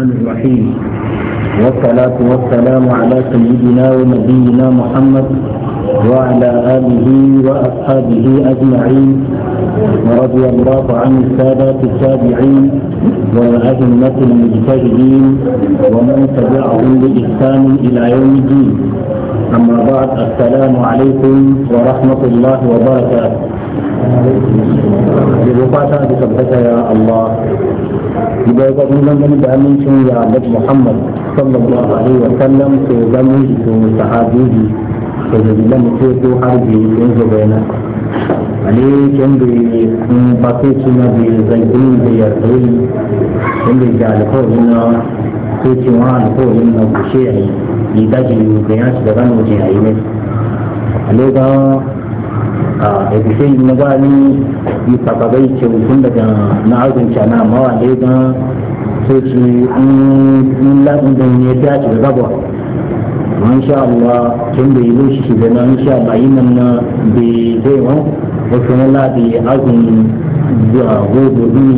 الرحمن الرحيم والصلاة والسلام على سيدنا ونبينا محمد وعلى آله وأصحابه أجمعين ورضي الله عن السادة التابعين وأئمة المجتهدين ومن تبعهم بإحسان إلى يوم الدين أما بعد السلام عليكم ورحمة الله وبركاته. Dibukata disampaikan ya Allah بداية من da amincin ya Annabi Muhammad sallallahu alaihi wa sallam ke zama da sahabi da da mutum ko har da yin zubaina ale kende pate china de zaitun de yardoi kende jale ko ina ko chiwan ko ina bushe ai lida ji ke ya da ran muje ai ne ale ga a da bishe ina ga ni bisa ba zai ce tun daga na'azin cana mawa ne ga sai ce in labin da ne ta ce gaba in sha Allah tun da yi lushi shi zana in sha Allah yinan na da zai wa wasu nala da azin da gobe ne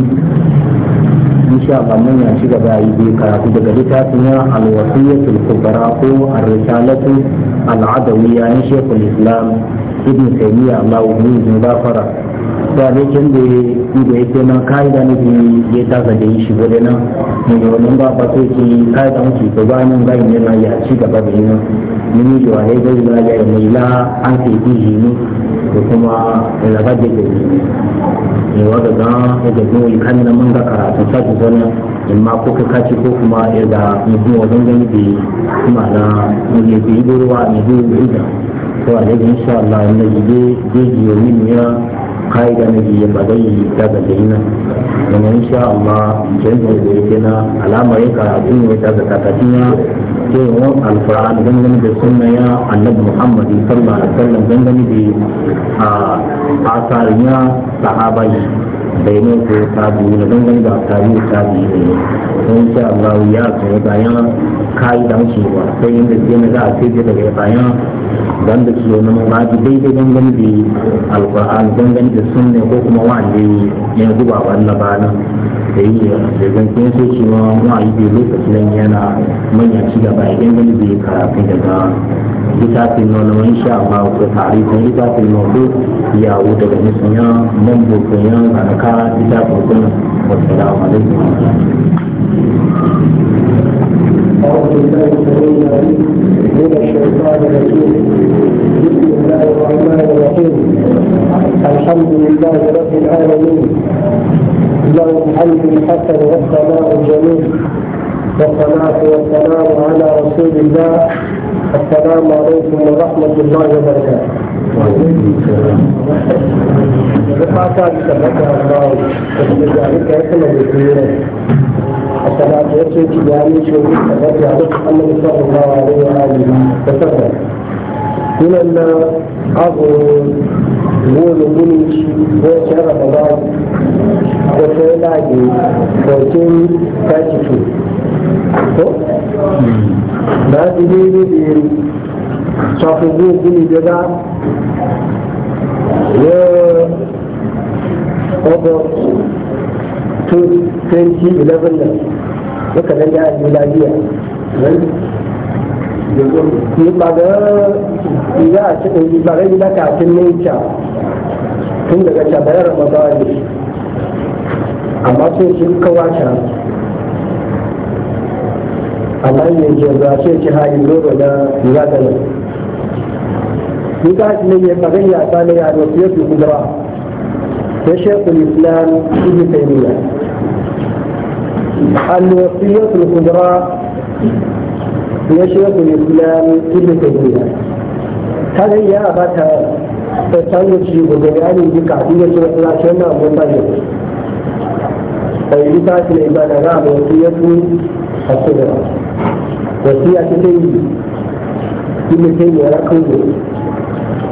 in sha Allah mun ya ci gaba yi da karatu daga littafin ya alwasiyatul kubra ko ar-risalatu al-adawiyya ni shaykhul islam ibn taymiyyah Allah ya yi fara. ne kin da da yake ce na kai da ne ya ta da yi shi gode na ne wannan ba ba sai ki kai da muke to ba nan ga na, ya ci gaba da yana ni ne da ne da ya ya ne la an ce ji ji ne ko kuma la ba da ke ne wa da ga da ne yi kan nan mun ga karatu ta ji wannan in ma ko ka kaci ko kuma ya da ni ko wannan gani bi kuma na ne bi ruwa ne bi da ko a da insha Allah ne ji ji ji ne ya kaida na biyu ba zai yi ta ga jina kuma in Allah jinsu da yake na alamarin karatu ne ta ga takatiya ke wani alfa'an dangane da suna ya annabi muhammad sallallahu alaihi wasallam dangane da asarin ya sahaba yi da yin ko ta biyu da dangane da asarin ta biyu ne Allah ya tsoro da yana kaida shi ba sai yin da jina za a ce daga yana don da ke wani mawaji daidai dangane da alkur'an dangane da sunne ko kuma wanda ya zuba wannan nan da yi da zancen sai su ma wa'ayi bai lokaci nan yana manya ci gaba ya dangane da karafi daga littafin na wani sha ba ko tarihin littafin nono ya wuce daga nisan ya mambo kun yan kanaka littafin kun wasu alaikum أعوذ بالله السميع العليم من الشيطان الرجيم بسم الله الرحمن الرحيم الحمد لله رب العالمين له الحمد الحسن والثناء الجميل والصلاة والسلام على رسول الله السلام عليكم ورحمة الله وبركاته. وعليكم السلام. الله الصلاة يسوي تجاري شو يعرف النبي صلى الله عليه وآله وسلم من الأظهر قول بنيش وشهر رمضان وشيلاجي وشيل كاتشو ما تجيني بي صافي بني جدا و أوبر 2011 nan duka da ya yi lafiya ne ba ga ya a cikin ba ga gida kafin ne ca tun daga cabayar ramadan ne amma sai shi kawa ca amma yin ce ba sai shi hali zoro na ya da nan ni ka shi ne ya ba ga ya ta ne ya rufe ya fi kudura ya shekul islam shi ne taymiyyah الوصية الكبرى لشيخ الإسلام في تيمية هذا هي أباتا تتعلم شيء وبيان في شيخ الإسلام أبو طيب فإذا العبادة نعم وصية الكبرى وصية تيمية في تيمية رقم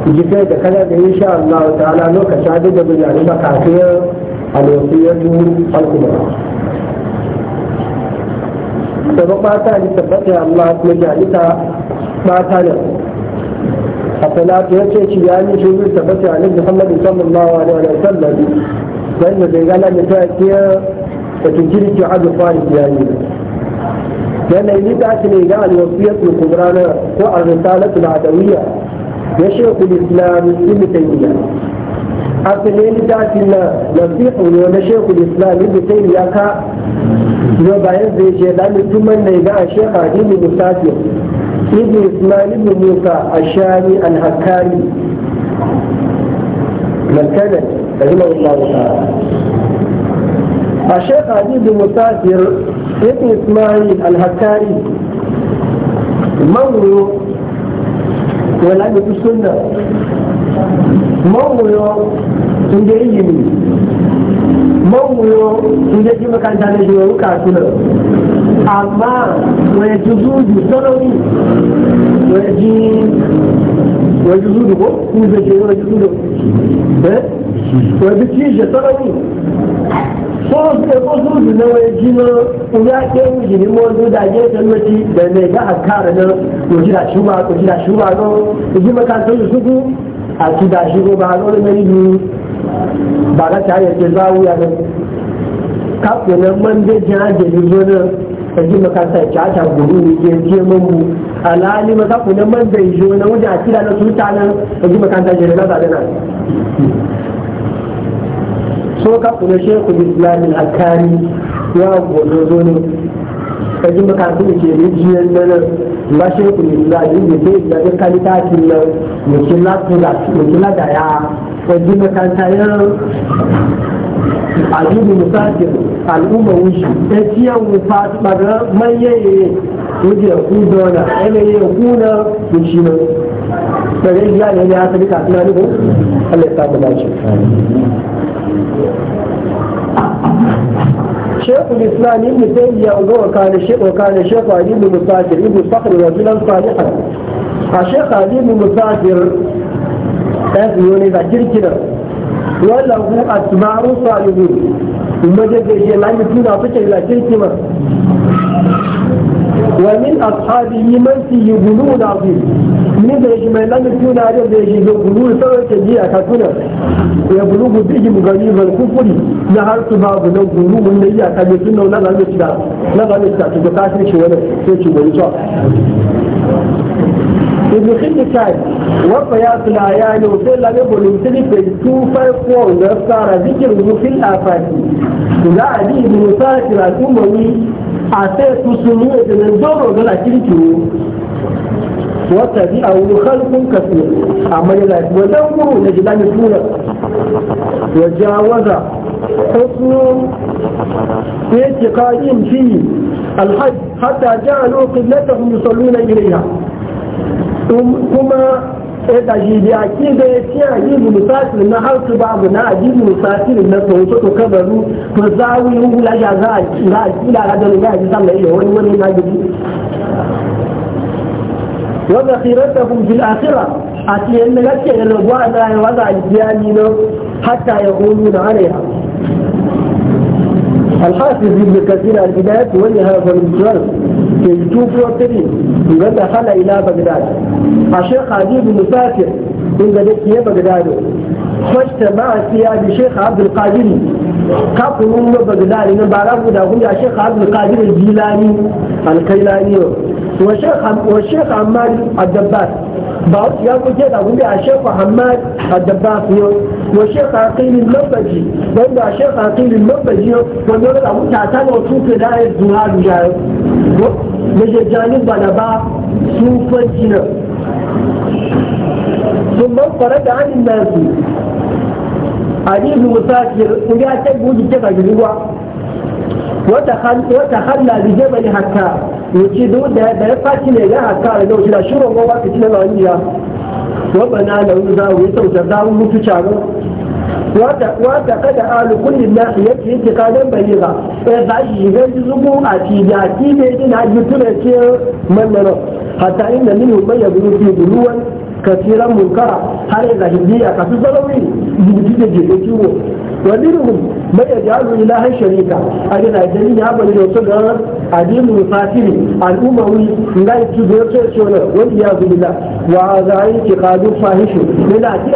jikai da kana شاء الله تعالى ta'ala lokacin da في da maka kafiyar daga ɓata ni tabbata Allah kuma jalita ɓata nan a salatu ya ce ya ni shi ne tabbata a nan Muhammadu sallallahu alaihi wa sallam wanda bai gana da ta ke da tunjiri ke azu fari ya yi yana yi ta ake ne ga alwasiyar kubra na ko a risalatu al'adawiyya ya shekul islam ibn taymiyyah asali littafin na nasihu ne na shekul islam ibn taymiyyah ka yau bayan zai ce da mutumin da ga a shekha dini musafi ibn ismail ibn musa ashari al-hakkari malkanan rahimahullah ta'ala a shekha dini musafi ibn ismail al-hakkari mawuyo wala da sunna mawuyo inda yi mawuyo sun je makaranta ne shi yau kasu nan amma wani ji zuzu sanoni wani ji wani zuzu ko ku zai je wani zuzu wani ji sanoni sun ke ko zuzu na wani ji na uya ke wuji ne mo da je san mace da ne ga akara na ko ji da shuba ko ji da shuba no ji makaranta su ku a ci da shi ko ba lori mai ni ba ga ta yake wuya ne kafin nan man da jina da lizo ne ta ji makanta ya cata guru ne ke je man mu alali ma kafin nan man da izo na wuce a kira na tuta nan ta ji makanta ya nan so ya gozo zo ne ta ji makanta ya ke rijiyar nan ba ne nan mutum na da ya wadda makaranta ya ajibu musafir al'umma wuce ta ciyar wufa ɓaga manyaye wuce ya ku dona yanayi ya ku na wuce nan daga iya ne ya asali kafin na nufin allah ya samu dace شيخ الاسلام ابن تيميه وكان شيخ وكان شيخ علي بن مسافر ابن صخر رجلا صالحا الشيخ علي بن مسافر ɗan tsiyo ne da kirkirar wannan ku a tumarin salihu in tuna suke da kirkirar wannan a tsari yi man fi yi gulu na fi ni da shi mai lami tuna yi da gulu yi a kakuna ya gulu ku bi yi mugani ban kukuri na na yi a na wannan lami tuna na shi wani sai shi gulu وقياس الآيان وصل لك بلوتني في التوفة وقوة صار ذكره في الآفات إذا أدي ابن صالح الأموي أتيت سنوة من دور ولا كنتو وتبعه خلق كثير أما يلاك ودوره نجدان الفورة وجاوز حسن اعتقادهم فيه الحج حتى جعلوا قبلتهم يصلون إليها ثم da shi da ki da ya ce a yi mulusafir na har su babu na a yi mulusafir na sau su kuka baru to za a yi wula ya za a kira a kila da ne ya ji sama iya wani wani na gudu wanda khirarta kun fil akhira a cikin da kake da rabuwa da ya wada aljiyani na hatta ya hulu na alaiha الحافظ ابن كثير البداية ولها في الجرس في 243 ga da hala ila bagdad a shekh habib musafir inda da ke bagdad fashta ma siya bi shekh abdul qadir kafin yin bagdad ne ba ra guda guda shekh abdul qadir jilani alkailani wa shekh wa shekh ahmad ad-dabbas ba ya kuke da guda a shekh ahmad ad-dabbas ne wa shekh aqil al-mabaji wanda shekh aqil al-mabaji wanda da mutata ne su ke da zuwa da na jajjani bana sun sufanci nan sun ban fara da hannun A yi nasu hadisu musafir kun ya ta guji ta gajiruwa wata halla da jebali haka wuce duk da ya faci ne ya haka da wuce da shirin gwamnati cikin wani ya wabana da wani zawo ya sauta zawo mutu caro wata kada alu kulli na yake yake kadan bai ga eh ba shi ga zubu a ti ga ti ne ina ji tuna ce mallalo hatta inda min hu bayyana ru fi duwan kasiran munkara har ila hindiya ka su zalawi ji ji ji ji ji ومنهم من يجعل إلها شريكا أجل أجلين يعمل يوصل عديم الفاتر الأموي لا يتجد يوصل شونا والعياذ بالله وهذا اعتقاد فاحش من أتي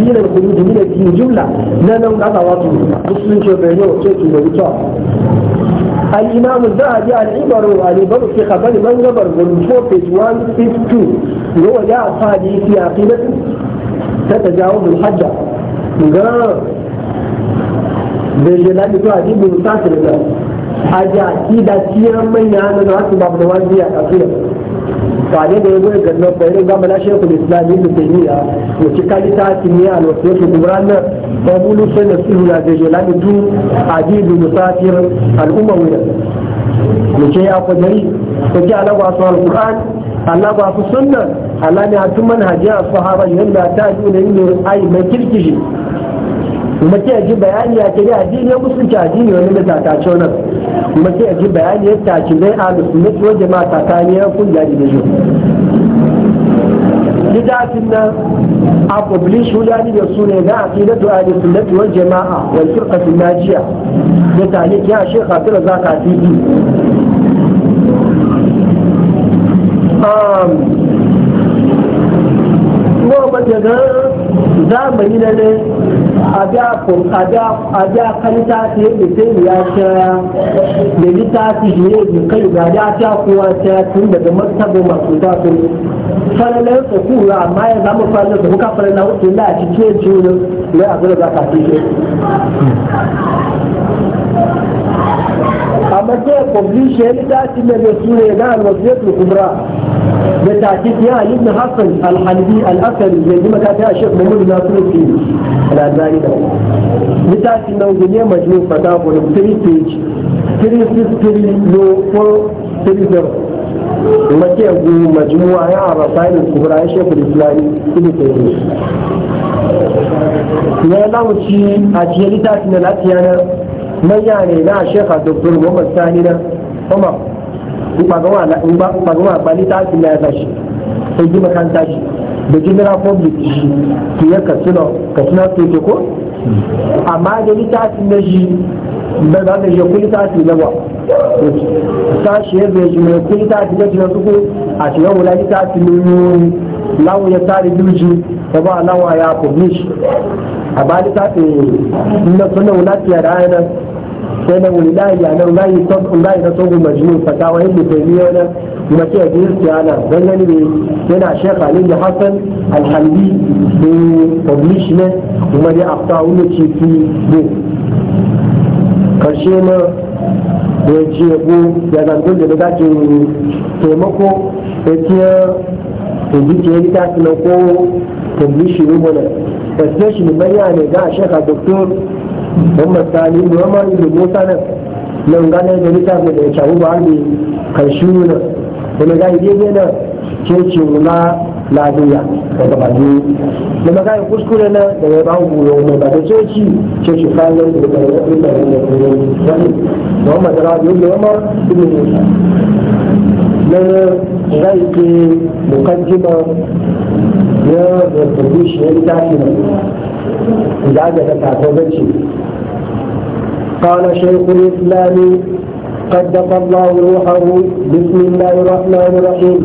الدين الخروج من الدين جملة لا نوم أتواصل مسلم شبهنا وشيء وشيء الإمام الذهبي العبر العبر في خبر من نبر من 4 162 هو جاء صادي في عقيدته تتجاوز الحجة ga da da to a jibin sa su da haji a ki da ciyar manya na da wasu babu da wani biya kafiya tare da yabo ga nan bayan ga mala shehu islam ibn taymiya to ci kali ta kimiyya al wasiyatu kubra na babulu sai da su da da jalali tu ajibu musafir al umawiya mu ce ya ko dari ko ci ala wasu al qur'an ala wasu sunna ala ne atun manhaji as sahaba yanda ta yi ne ai mai kirkishi mace ya ji bayani ya ce addini ya musulunci addini wani da tata ce nan mace ya ji bayani ya tace zai alu sunnati wa jama'a tata ne ya kungiya da shi bid'atin nan a publish hulani da su ne ga aqidatu ahli sunnati wal jama'a wal firqatu najiya da taliki ya shekha tira zaka tiki um ko ba ta ga zamani na ne a ja kanta ta yi mutum ya shaya da littafi ne da kai ga ya ta kuwa ta tun daga martaba masu tafi falalar su kura amma ya zama falalar su muka falalar hutu na a cikin jirin na abu da za ka fi amma sai publish ta littafi ne da su ne na alwasiyar kura. بتعكيد يا علي بن حسن الحنبي الأثري زي يعني ما كان فيها الشيخ محمود بن ناصر الدين الألباني ده بتعكيد نوجينيا مجموع فتاة فولوم 3 بيج 363 لو 430 ومتى يقول مجموعة يا الرسائل الكبرى يا شيخ الإسلامي ابن تيمية يا لوشي أجيالي تاكنا الأتيانا من يعني مع الشيخ الدكتور محمد ثانينا عمر ɓagawa ba ni ta haƙi ya sai ji makaranta shi da general public shi ki ya katsina katsina ke ko amma da ni ta na shi da za ta je kuli na ba ta shi ya zai shi mai kuli ta na shi suku a shi ya wula ta haƙi na lawo ya tare duji ta ba lawa ya publish a ba ni na suna wula ta sai nan wani layi ya nan layi layi na tsohon majinu fatawa yin mutane wani mace da yin tiyana don gani ne yana shekha ne da hassan alhalbi da publish ne kuma dai afta wani ciki ne karshe na da ya ce ko ya zangon da daga ke taimako ya ce ya ji ta ko publish ne wani especially bayan ne ga shekha doktor ثم الثاني وما يدبو سنة nan gane da littafin da ya shahu ba ne shi na kuma ga yi na cece na lafiya da gabaji da maka yi kuskure na da ya ba goyo mai ba da ceci cece yi da da da da da da da da rabi da yamar ne musa na zai ke mukaddima ya da shi ya قال شيخ الإسلام قدس الله روحه بسم الله الرحمن الرحيم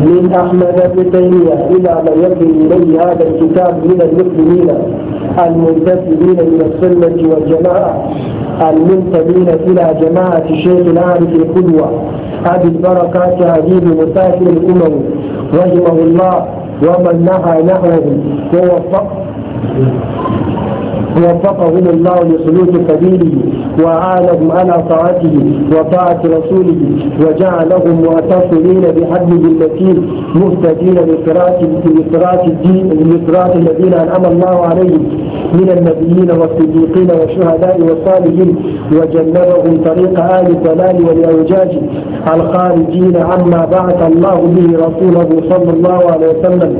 من أحمد بن تيمية إلى من يقضي إليه هذا الكتاب من المسلمين المنتسبين الى السنة والجماعة المنتمين إلى جماعة الشيخ العارف القدوة أبي البركات عجيب مسافر الأمم رحمه الله ومن نهى نحوه ووفق وفقهم الله لسلوك سبيله وعانهم على طاعته وطاعة رسوله وجعلهم متصلين بحبه المتين مهتدين لصراط الدين لصراط الذين أنعم الله عليهم من النبيين والصديقين والشهداء والصالحين وجنبهم طريق آل الضلال والأوجاج الخارجين عما بعث الله به رسوله صلى الله عليه وسلم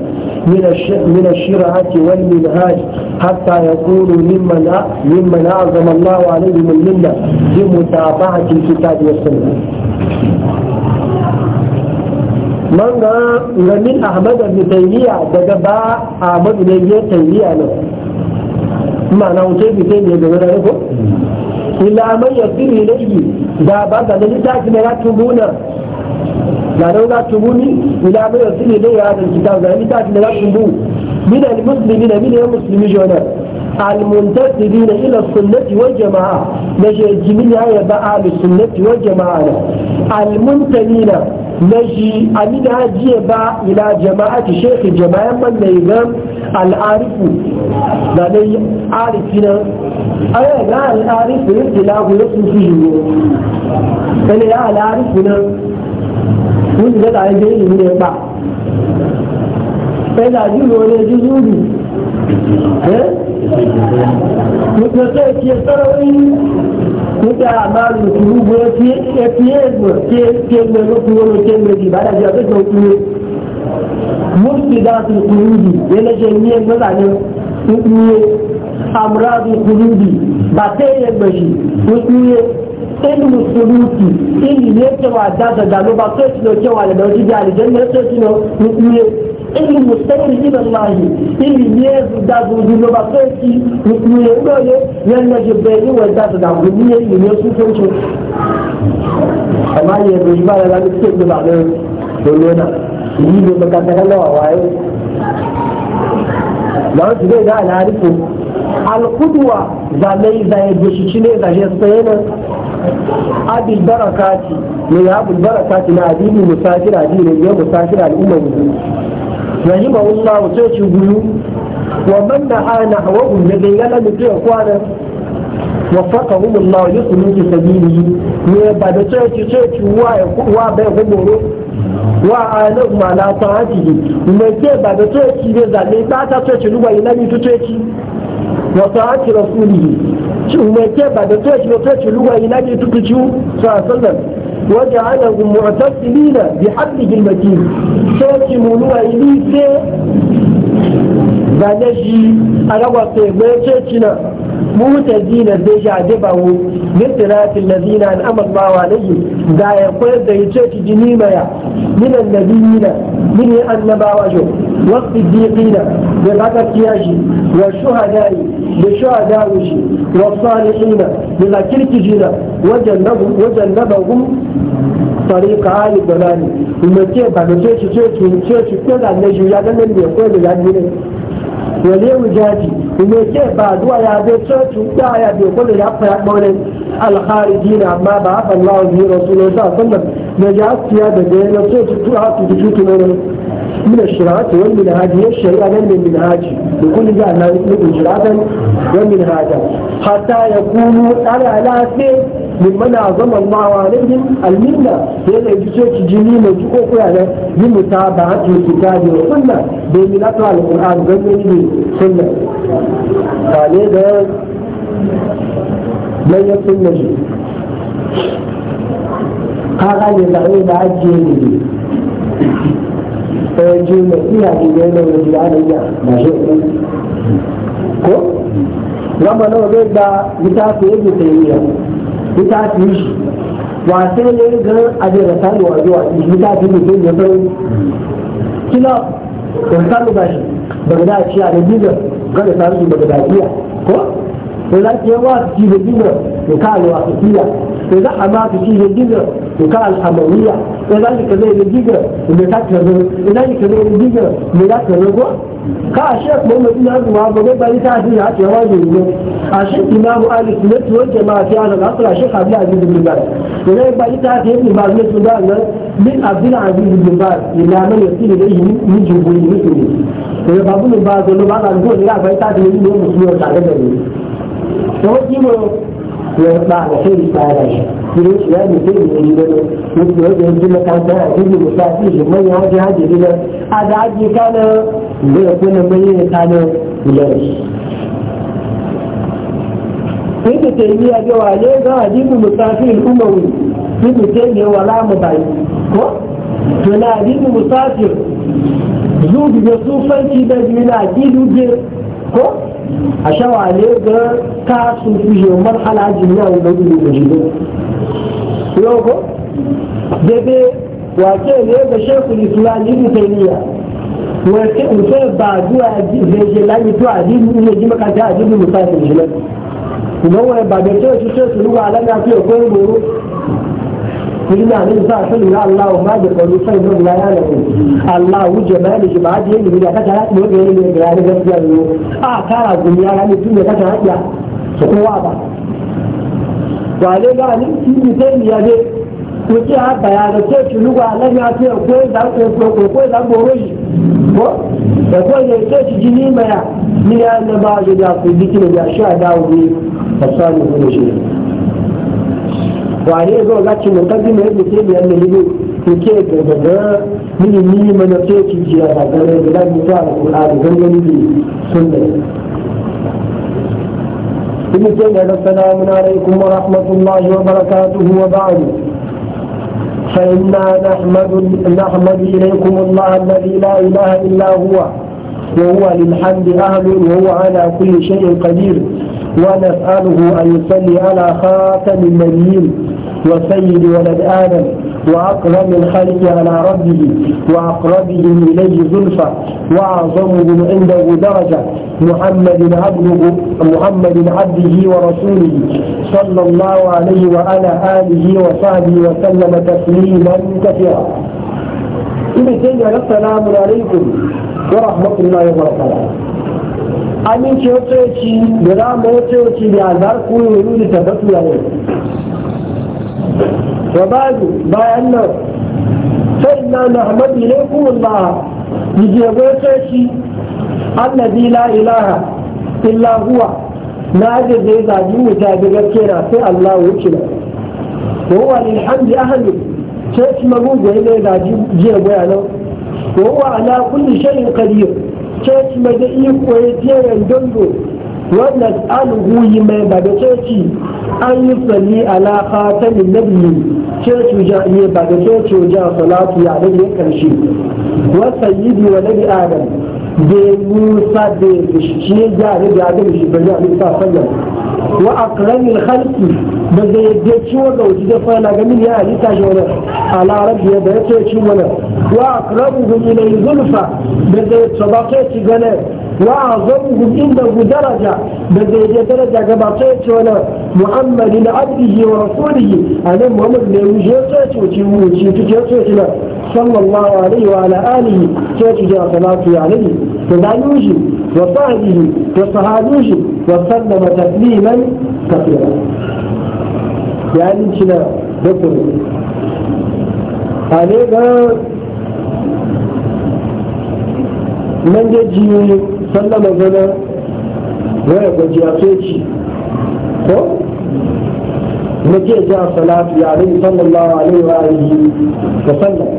من من الشرعة والمنهاج حتى يكونوا ممن ممن أعظم الله عليهم المنة بمتابعة الكتاب والسنة. من من أحمد بن تيمية دقبا أحمد بن تيمية ما معناه كيف تيمية دقبا إلا من يصير إليه da ba da littafin da ya tubuna يعني لأنه تبوني إلى ما يصل إليه هذا الكتاب اللي يعني تعرف لا تبو من المسلمين من المسلمين جونا المنتسبين إلى السنة والجماعة نجي جميل هاي بقى السنة والجماعة المنتمين نجي أمين هاجي بقى إلى جماعة شيخ الجماعة من نيغام العارف لدي يعني عارفين لا العارف يبتلاه ويصل فيه أنا العارف mun shiga tare da ilimi ne ba sai da ji ruwa ne ji zuru eh mutum sai ke tsarauni nígbà àmàlù ìrúgbó tí ẹtí èèmọ̀ tí ẹtí ẹgbẹ́ lókun wọn lókè méjì bàdà jẹ́ àpéjọ òkúrò mọ́tì dáàtì ìkúrú yìí yẹn ní ẹgbẹ́ amuradu kulubi bàtẹ́ yẹ gbẹ̀yì wíwúye ẹni mùsùlùmí ẹni ilé tẹwà dáadáa ló bá tó ìtìlọ tẹwà lẹ́dọ̀ jíjẹ àlejò ẹni tó ìtìlọ wíwúye ẹni mùsùlùmí ìbẹ̀ láàyè ẹni ilé ẹ̀rù dáadáa ló bá tó ìtì wíwúye lóye yẹn lẹ́jọ bẹ́ẹ̀ níwọ̀ dáadáa kò ní ẹni ilé tó tó tó. ẹ̀ma yẹ ẹ̀rọ ìbá yẹn láti tó ìgbé bàbá yẹn lọ́wọ́ náà ìyí ló bẹ alkuduwa zalai zai gishi cile zaje tsayanin abil barakati ne abul barakati na adini musafir adini ne musafir al'ummar yanzu rahima Allah wato ci guyu wa man da ana hawa da dai yana mutu ya kwana wa الله لسلوك سبيله يبقى تشيك تشيك وابي غمره وعانهم على طاعته ومن يبقى تشيك يزالي باتا تشيك yana ينامي تشيك wa ta'ati rasulihi shi mai ke ba da tashi ba tashi ruwa ina ne tuku ciwo sa sallan wa ja'ala hum mu'tasilina bi haddihi al-matin tashi mu ruwa ini se balaji araba se be tashi na mu ta dina de ja de ba wo مثل الذين انعم الله عليهم دا يقول دا يجيك جنيميا من النبيين من النبا وجو والصديقين بغدا كياجي والشهداء بشهداء وجي والصالحين بلا كيرك جينا وجنبهم طريق عالي الضلال ومتي بعد تشي تشي تشي كل النجم يا دمن بي كل يعني وليه وجاتي ومتي بعد ويا بي تشي تشي يا بي كل يا بي كل alkhariji na amma ba haka Allah ne rasulullah sallallahu alaihi wasallam da jasiya da ga yana so su tura su ji tutu ne min shirati wal min haji shari'a nan min min haji da kun ji Allah ne min shiratan wal min haji hatta ya kunu ala lafi min man azama Allah wa al minna sai da jice ki jini mai ji ko kuya da min mutaba hatu kitabi wa sunna da min al qur'an ganin ni sunna kale da don ya sunna shi kaga ne zaɓe da ajiye ne ɗaya ji mai iya ji da yanayi da ya ba shi ko gama nawa zai da littafi ya ji sai iya littafi shi wasu ne ga ajiyar da sani wa zuwa littafi ne sai ya sai kila da sani ba shi daga da ciya da bizar ga da sani daga da ciya ko فلا جواز في الدنيا وكان واسطية إذا حماس في الدنيا وكان حموية لذلك ذي الدنيا ومتكلم لذلك ذي الدنيا ومتكلم كان الشيخ محمد بن عبد الوهاب وقبل أن تعزيز عن جواز اليوم عشان إمام أهل السنة والجماعة في هذا العصر الشيخ عبد العزيز بن باز وقبل أن تعزيز ابن باز مثل باز من عبد العزيز بن باز إلى من يصير إليه من جمهوري مثله ويبقى ابن باز ولو بعض الجهود لا فإن تعزيز من المسلمين sauƙi ne ya ba da sai ba da shi irin shi ya mutu da yari gano yadda yadda yanzu makaranta a jini musafi shi manya wajen hajji gina a da hajji kana da ya kuna manya ya kana bilari sai da taimiyya da wale ga hajji musafi al'ummawi sai da taimiyya wala mu bai ko to na hajji musafi zuwa da sufanci da jina a gidu ko a shawale ga ka su fuje marhala jiniya wa gudu da jido yau ko bebe wake ne ga shekul islam ibn taymiya wace mutu ba zuwa zai je lami to adini ne ji makanta adini musafin shi ne kuma wani ba da cewa shi sai su ruwa alaga su ya koyi boro kulina ne ba su ne ya Allah ma da karu sai mun la ya ne Allah wuje ma ne ba je ne ya ka tara ko a tara dunya ya ma ya ni ware zo za ki mu tabbi mai da sai biyan mai ne to ke da daga mini ni mana ce ki ji a gare da da mutu a Qur'ani dan gani ne sunna ibn tayyib assalamu alaikum wa rahmatullahi wa barakatuhu wa ba'du فإنا نحمد نحمد إليكم الله الذي لا إله إلا هو وهو للحمد أهل وهو على كل شيء قدير ونسأله أن يصلي على خاتم النبيين وسيد ولد آدم وأقرب الخلق على ربه وأقربهم إليه زلفى وأعظمهم عنده درجة محمد عبده محمد عبده ورسوله صلى الله عليه وعلى آله وصحبه وسلم تسليما كثيرا ابن تيمية السلام عليكم ورحمة الله وبركاته أمين شوتشي برام شوتشي بأنار كل يريد تبتل عليه وبعد bayan nan فإنا نحمد إليكم الله يجيبوك شيء الذي لا إله إلا هو na da zai zaɓi wuta da gaske na sai Allah wuce na wawa lilhamdi ahalu sai shi magugu ya zai zaɓi jiya goya nan wawa ala kulli shayin qadir sai shi maga iko ya jiya dondo wannan alugu yi mai ba da coci an yi tsalli alaƙa ta nabi coci ne ba da coci ja salatu ya da ne karshe wata yi bi wa nabi adam da musa da ya fushi ya da ya da shi bari alu sa sallam wa akramil khalqi ba zai yadda ci wa ga wuce zai fara ga miliyan halitta shi wani alarar da ya bari coci wani wa akramu hukumai zulfa ba zai tabbata ci ganin وأعظمهم عنده درجة بل درجة كما تيتونا محمد لعبده ورسوله أنا محمد لا وجهة وتيتونا صلى الله عليه وعلى آله تيتونا صلاة عليه فدانوجي وصحبه وصحابه وسلم تسليما كثيرا يعني شنو ذكر عليك من يجي sallama zana waya gajiya sai ci ko na ke ja salatu ya alaihi sallallahu alaihi wa alihi wa sallam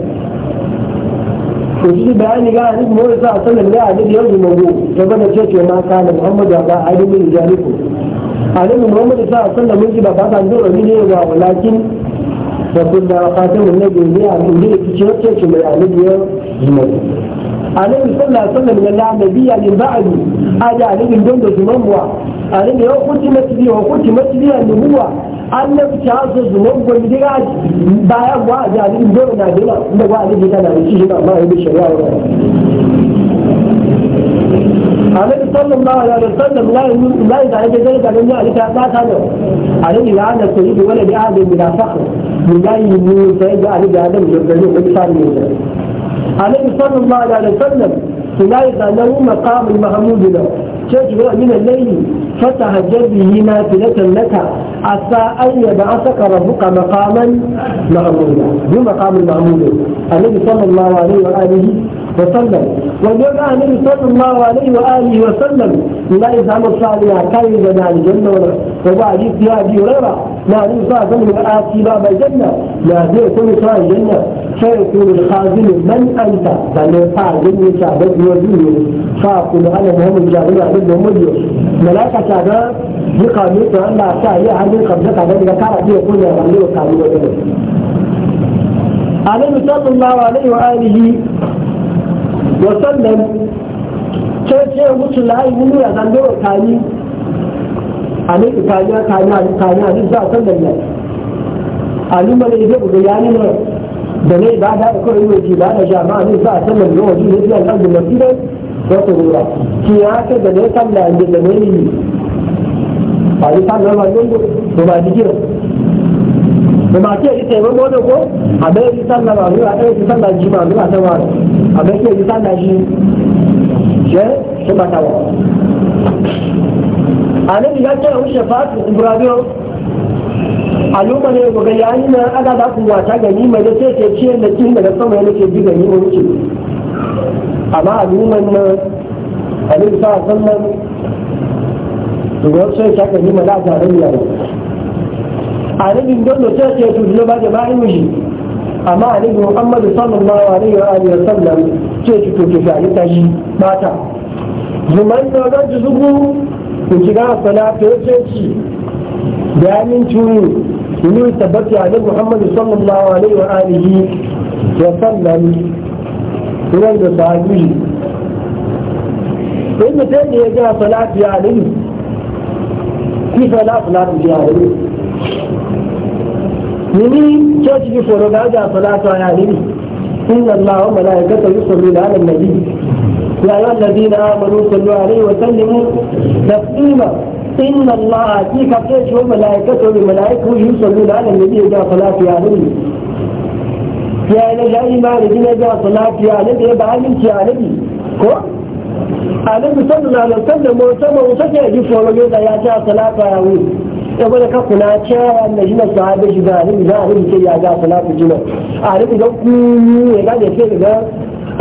ko shi bayani ga a hadisi mu sa sallam ga hadisi yanzu mago ta bana ce ce ma kana muhammadu ba a alimin jaliku alimin muhammadu sa sallam mun ji ba ba san dole ne wa walakin da kullu khatamun nabiyyi ne a inda yake ce ce mai a alimin jaliku annabi sallallahu alaihi wasallam ya la nabiyya min ba'di aja annabi don da zuman wa ya kuti masjidi wa kuti masjidi ya nubuwa annabi ta zo zuman go mi diga baya wa aja annabi don na dela da wa annabi ta da shi ba ma yi shari'a wa annabi sallallahu alaihi wasallam la yi la yi da yake da ganin ya alita ba ta da annabi ya ana wala da adam bila min yi mu sai ga adam da ganin wani sani ne النبي صلى الله عليه وسلم هناك له مقام المحمود له تجرى من الليل فتهجر به نافلة لك عسى أن يبعثك ربك مقاما محمودا بمقام المحمود النبي صلى الله عليه وآله وسلم وجمع النبي صلى الله عليه وآله وسلم لا يزعم الصالح كان يزعم الجنة ولا وبعد يا أبي هريرة ما النبي صلى وسلم آتي باب الجنة لا يكون صاحب الجنة فيكون الخازن من أنت بل الخازن شعبك وزير فأقول أنا مهم الجاهل عبد مدير ملاك شعبان يقاميك أن لا شعبي أحد قبلك عبد كارك يكون يا رجل وكامل عليه صلى الله عليه وآله wasannan ce mutu layi wani ya a wa kani a ne ka kani a kani a kani a duk za a san da a numa ne zai buga yani ne da ne ba da aka yi waje ba da jama'a ne za a san da ne waje ne zai al'adu masu ne wata rura ki ya haka da ne kan da da ne ne a yi kan ne ba jikin da ba ke yi taimako ko a bai yi sallah ba zuwa ɗaya yi sallah ji ba zuwa ta wa a bai yi sallah ji ke su ba ta wa a nan ya ce a wuce ibrahim a lokacin da na aga da kuwa wata gani mai da ce ke ciyar da kin daga sama yana ke ji gani wani ce amma a luman nan a lokacin sallan da wasu sai ta gani mai da ta ne annabi don da ta ce su zuba jama'in miji amma annabi muhammadu sallallahu alaihi wa alihi wa sallam ce ki to ki ga ta shi mata zuman da ga zugu ku shiga salatu ce ci da amin tuni ni tabbata annabi muhammadu sallallahu alaihi wa alihi wa sallam ruwan da sahabi in mutum ne ya ga salatu ya annabi ki salatu na ya annabi nini coci ji foro ga ga salatu ya nini inna allaha wa malaikatahu yusalluna ala nabi يا أيها الذين آمنوا صلوا عليه وسلموا تسليما إن الله فيك قيش وملائكته بملائكته يصلون على النبي إذا صلاة يا نبي يا إلهي إيمان aminci إذا صلاة ko نبي إذا علمت يا نبي كو da صلى الله عليه وسلم وسلم وسلم ya فوق a salatu يا نبي saboda ka kula cewa na jina sahabe shi ga ni za a rubu ke ya ga kula ku jina a rubu ga ku ya ga da ke ga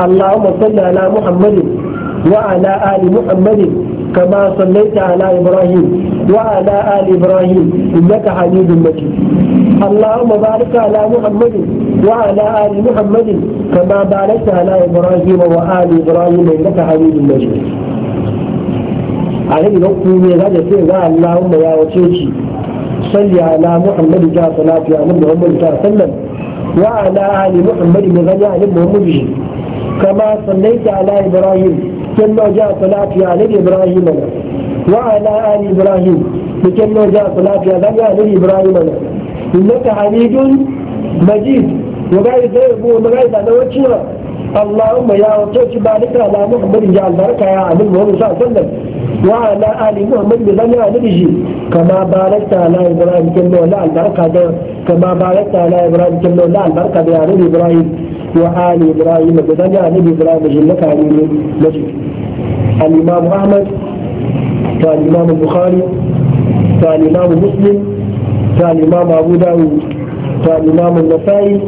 Allahumma salli ala Muhammadin wa ala ali Muhammadin kama sallaita ala Ibrahim wa ala ali Ibrahim innaka Hamidum Majid اللهم بارك على محمد وعلى ال محمد كما باركت على ابراهيم وال ابراهيم انك حميد مجيد عليه لو كوني غادي في اللهم يا وجهي صلي على محمد جاء صلاة يا نبي محمد صلى الله عليه وعلى آل محمد مغني عن ابن محمد كما صليت على إبراهيم كما جاء صلاة يا نبي إبراهيم وعلى آل إبراهيم كما جاء صلاة يا على إبراهيم إنك حميد مجيد وغير ذلك وغير ذلك اللهم يا وتوكي بارك على محمد جعل بركة يا عبد محمد صلى الله عليه وسلم وعلى آل محمد بغنى بجي كما باركت على إبراهيم كما لا البركة كما باركت على إبراهيم كما لا البركة ده على إبراهيم وآل إبراهيم بغنى نبي إبراهيم جلك عليه بجي الإمام أحمد كان الإمام البخاري كان الإمام مسلم كان الإمام أبو داود كان الإمام النسائي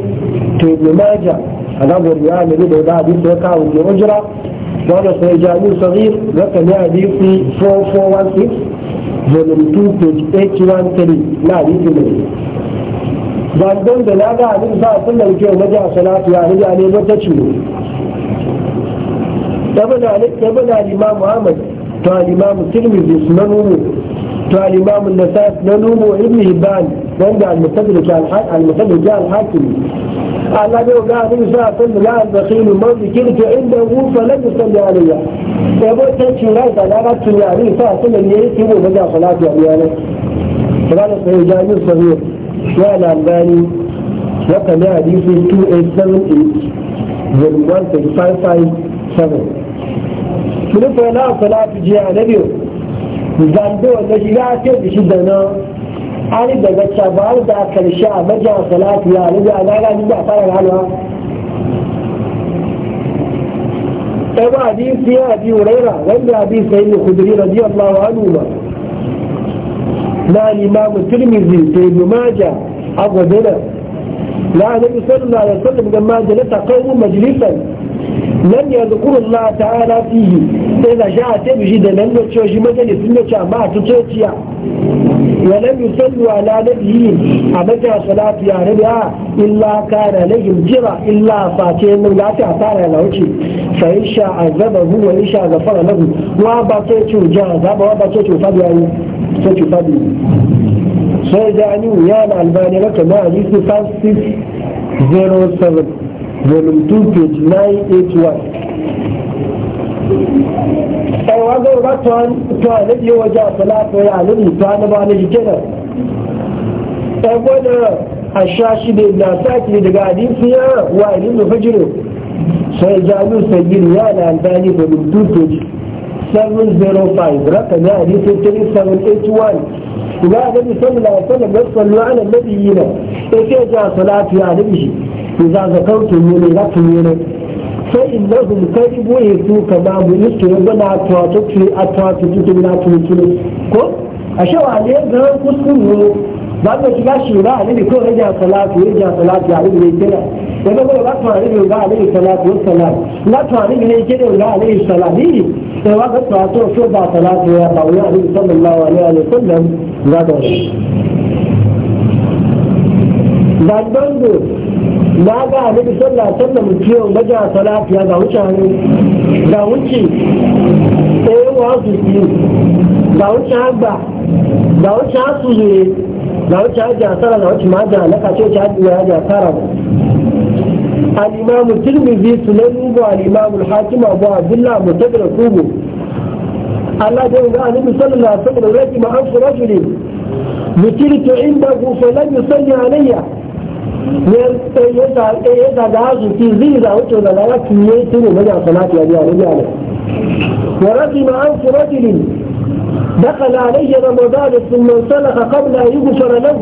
كان ابن ماجه هذا هو الرواية الذي بدأ به سيكون الأجرة قال سيجاني صغير رقم يعدي في 4416 volume 2 page 813 لا عديد منه zandon da na ga abin sa sun da kyau maji a salatu ya rija ne wata ciwo tabana limam muhammad to limam tirmidhi sunan numu to limam an-nasai sunan numu ibn hibban wanda al-mustadrak al-hakim قال له لا إن قل لا البخيل من ذكرك عنده فلم يصلي علي يقول تشي رايت على رأس يعني فاصل اللي يكتبه بدا صلاة يعني قال في جامع صغير يا الألباني وكان حديث 2878 volume 1.557 شنو فلا صلاة جي على اليوم زندو نجي لا تبشي دنا ani daga cabar da karshe a majiyar salatu ya rubu a zaga ni da fara ابو حديث يا ابي هريره وابن ابي سعيد الخدري رضي الله عنهما لا الامام الترمذي في ابن ابو هريره لا النبي صلى الله عليه وسلم لما جلس قوم مجلسا لم يذكر الله تعالى فيه إذا جاء تبجي لن تشوشي مجلس نتشا ما تتوتيا ولم يصلوا على نبيه أبدا صلاة يا ربها آه، إلا كان لهم جرى إلا فاتين من لا تعطانا لوشي فإن شاء عذبه وإن شاء غفر له وابطيته جاذب وابطيته فبيعي سيتي فبيعي سيدعني ويانا الباني لك ما عزيز 5607 volume 2 page 981 ai wa zai ba to ne yi waje a salatu ya nabi to an ba ne kenan gwada ashashi da na saki daga hadisi ya wa ilmu fajiru sai jami'u sayyid ya na albani da dutoji 705 rakam ya hadisi 3781 ga annabi sallallahu alaihi wasallam ya sallu ala nabiyina sai ya ja salatu ya nabi shi idza zakartu ne ne rakam ne فإنهم قد بعثوا كما بعثت وبنا أتواتك في أتواتك تبنا تنتني كو أشوى عليه غير كسكو بعد ما تباشي ولا عليه بكون رجع صلاة ويرجع صلاة يعني بيتنا لما قالوا لا تعرفني ولا عليه الصلاة والسلام لا تعرفني ليكنا ولا عليه الصلاة هي فما قد تعطوا شو بعد صلاة يا طويلة عليه صلى الله عليه وسلم غدا ذا الدنبو na ga annabi sallah sallah mu ciwo a salati ga wuce ga wuce eh wa su ga wuce ba ga wuce su yi ga wuce haji asara ga wuce maja na kace wuce haji ya haji asara الإمام الترمذي سنن والإمام الحاكم أبو عبد الله متدركوه الله جل وعلا النبي صلى الله عليه وسلم رجم أنف رجل مترت عنده فلم sanya alayya ورسم انف رجل دخل عليه رمضان ثم انسلخ قبل ان يغفر له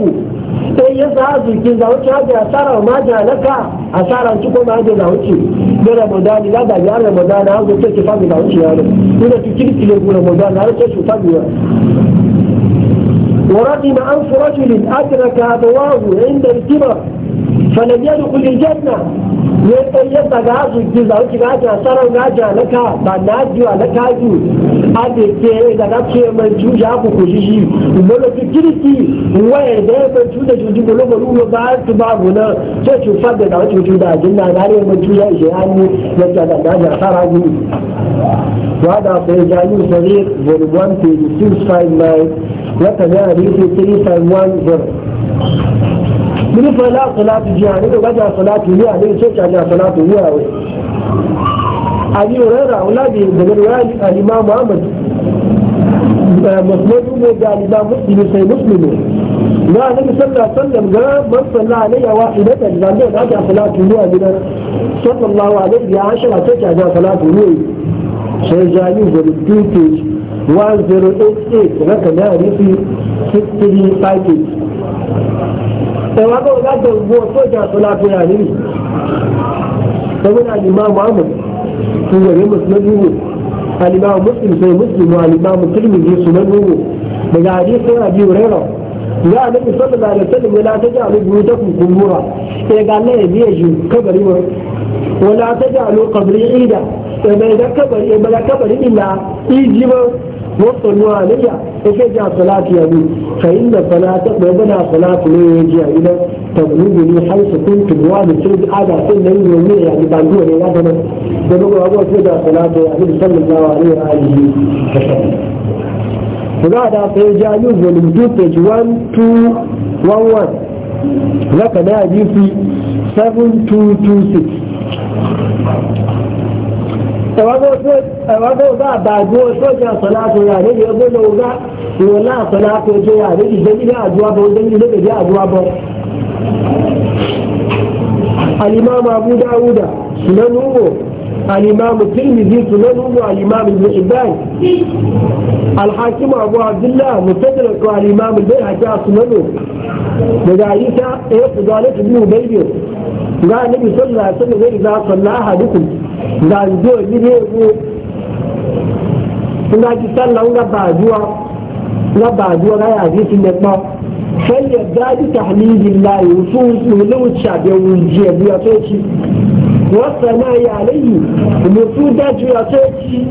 اي يزعز يمكن ذا وجه هذه اثار وما جاء لك اثار ان تكون هذه ذا وجه ذا رمضان لا بل يعني رمضان هذا هو تشفى ذا وجه هذا اذا تكلت له رمضان هذا تشفى ورغم انف رجل ادرك ادواه عند الكبر فلم يدخل الجنة يتيسى غازو الجزء وكي غاجة سرى غاجة لك بناجو لك عجو هذا كي إذا غاتشي من جوجة أبو كوشيشي ومولو تكريتي وين ده من جوجة جوجة مولو مولو بعد تبعونا تشو فضل دعوة جوجة جنة غاري من جوجة إشياني لك غاجة سرى غاجو وهذا سيجعله صغير volume 1 page 659 وكذا ريسي 351 0 mini fala salatu jiya ne ga da salatu riya ne ce ta da salatu riya wai ali urara uladi daga riwayat al-imam Muhammad مسند ne ga al-imam Muslim sai Muslim ga annabi sallallahu alaihi wasallam ga man salla alayya wahidatan da ne da salatu riya gidan sallallahu alaihi ya ashara ce ta da salatu riya sai jani da rubutu 1088 raka da hadisi 63 package ẹ̀wọ̀n akọ́wọ́ láti ọgbọ́ sójà tó láfihàn nínú saboda alimamu amur sun gare musulmi ne alimamu muslim sai muslimu alimamu tirmidhi su na nuno daga hadisi na biyu rera ya annabi sallallahu alaihi wasallam ya ta ja alu biyu ta kumbura E, ga nan biye shi kabari wa wala ta ja alu qabri ida sai bai da kabari bai da kabari illa ijiba وصلوا علي فكيف جاء صلاة يبي فإن صلاة وبنى صلاة لي يجي إلى تبلغني حيث كنت بواد السيد هذا سنة يومية يعني بعدوها لي هذا فبقوا أبوه كيف جاء صلاة يعني صلى الله عليه وآله وسلم فقال هذا جاء يوزن مدود page 1211 لك نادي في 7226 tawago ga ba go soja salatu ya ne ya go ga wala salatu je ya ne da ni ajuwa ba da ni da ga ajuwa ba al-imam abu dauda sunan ugo الإمام الترمذي سننه والإمام ابن حبان الحاكم أبو عبد الله مستدرك والإمام البيهقي سننه لذلك إيه فضالة ابن أبي قال النبي صلى الله عليه وسلم إذا صلى أحدكم nga njo yiri ewu nga jita la nga baajuwa nga baajuwa nga ya yiri tinde kpa fayyar gaji ta halili layi wusu wule wuce abiya wuje bu a to ci wasa na ya alayi wusu daji ya to ci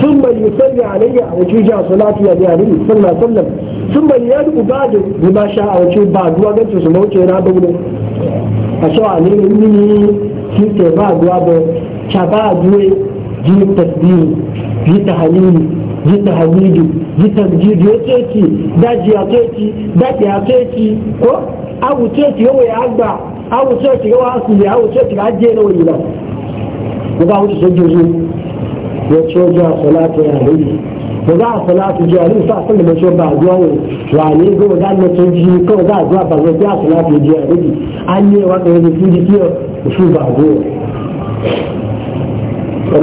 sun bai yi sanya alayi a wuce ja su lati ya biya alayi sallam sallam sun bai yi yadu ubadu ni ba sha a wuce baajuwa gantu su mawuce na dogo a sha alayi ni shi ke ba duwa da cha ba duwe ji tasbihu ji tahalili ji tahamidu ji tamjidu ya tsoki daji ya tsoki daji ya tsoki ko abu tsoki yawa ya agba abu tsoki yawa asili abu tsoki ya ajiye na wani ba ko ba wuce sojoji ya ce salatu ya halayya ba za a kula su jiya ni sa sun da ba zuwa ne wane go za mu tun ji ko za zuwa ba zai kula su jiya rubi an ne wa da ne su ji kiyo su ba go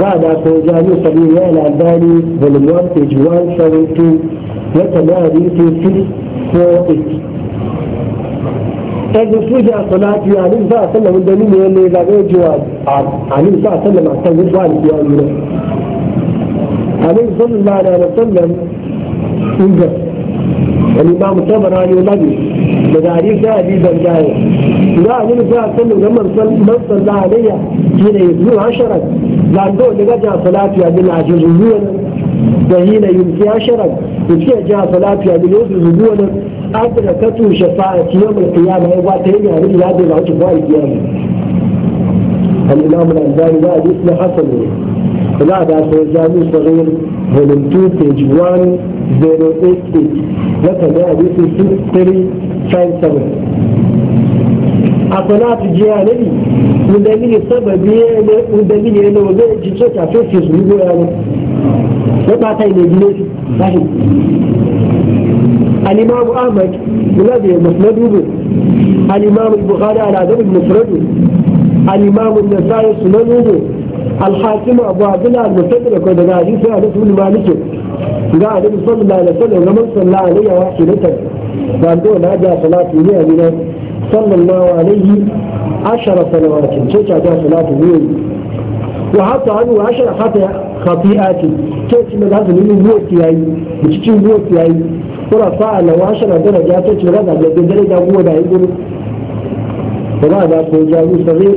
ba da ko ja ni sabi ya la dani volume 1 page 172 ya tabara di 648 ɗaya su ja salatu ya ni sa sallama da ni ne ne zaɓe jiwa a ni sa sallama ta wuce wa ni ya yi عليه صلى الله عليه وسلم يوجد الإمام الطبراني والنبي مداريس أبي بنجاية لا أقول صلى الله عليه وسلم من صلى الله عليه حين يتلو عشرة لأن دول لقد صلاة في يا بن عشر وحين يمسي عشرا يمسي جاء صلاة في أبي اليوسف زبونا أدركته شفاعة يوم القيامة وقتين يا رجل هذا العجب يعني الإمام الألباني لا يسمى حسن لا ده سيزاني صغير فولوم 2 بيج 1088 رقم حديث 6357 أصلاة الجياني ودليل السبب ودليل أنه وجه جيتشوك عفيف يسميه يعني وما تاين يجلس صحيح الإمام أحمد الذي مسنده الإمام البخاري على أدب مسنده الإمام النسائي سننه الحاكم أبو عبد الله المستدرك وده في أنس بن مالك قال النبي صلى الله عليه وسلم من صلى علي واحدة قال دون هذا صلاة من صلى الله عليه عشر صلوات كيف هذا صلاة من وحتى عنه عشر حتى خطيئات كيف من هذا من بوت يعني بتشين بوت يعي ورفع له عشر درجات كيف من هذا درجة هو ده يقول وهذا هو جاوي صغير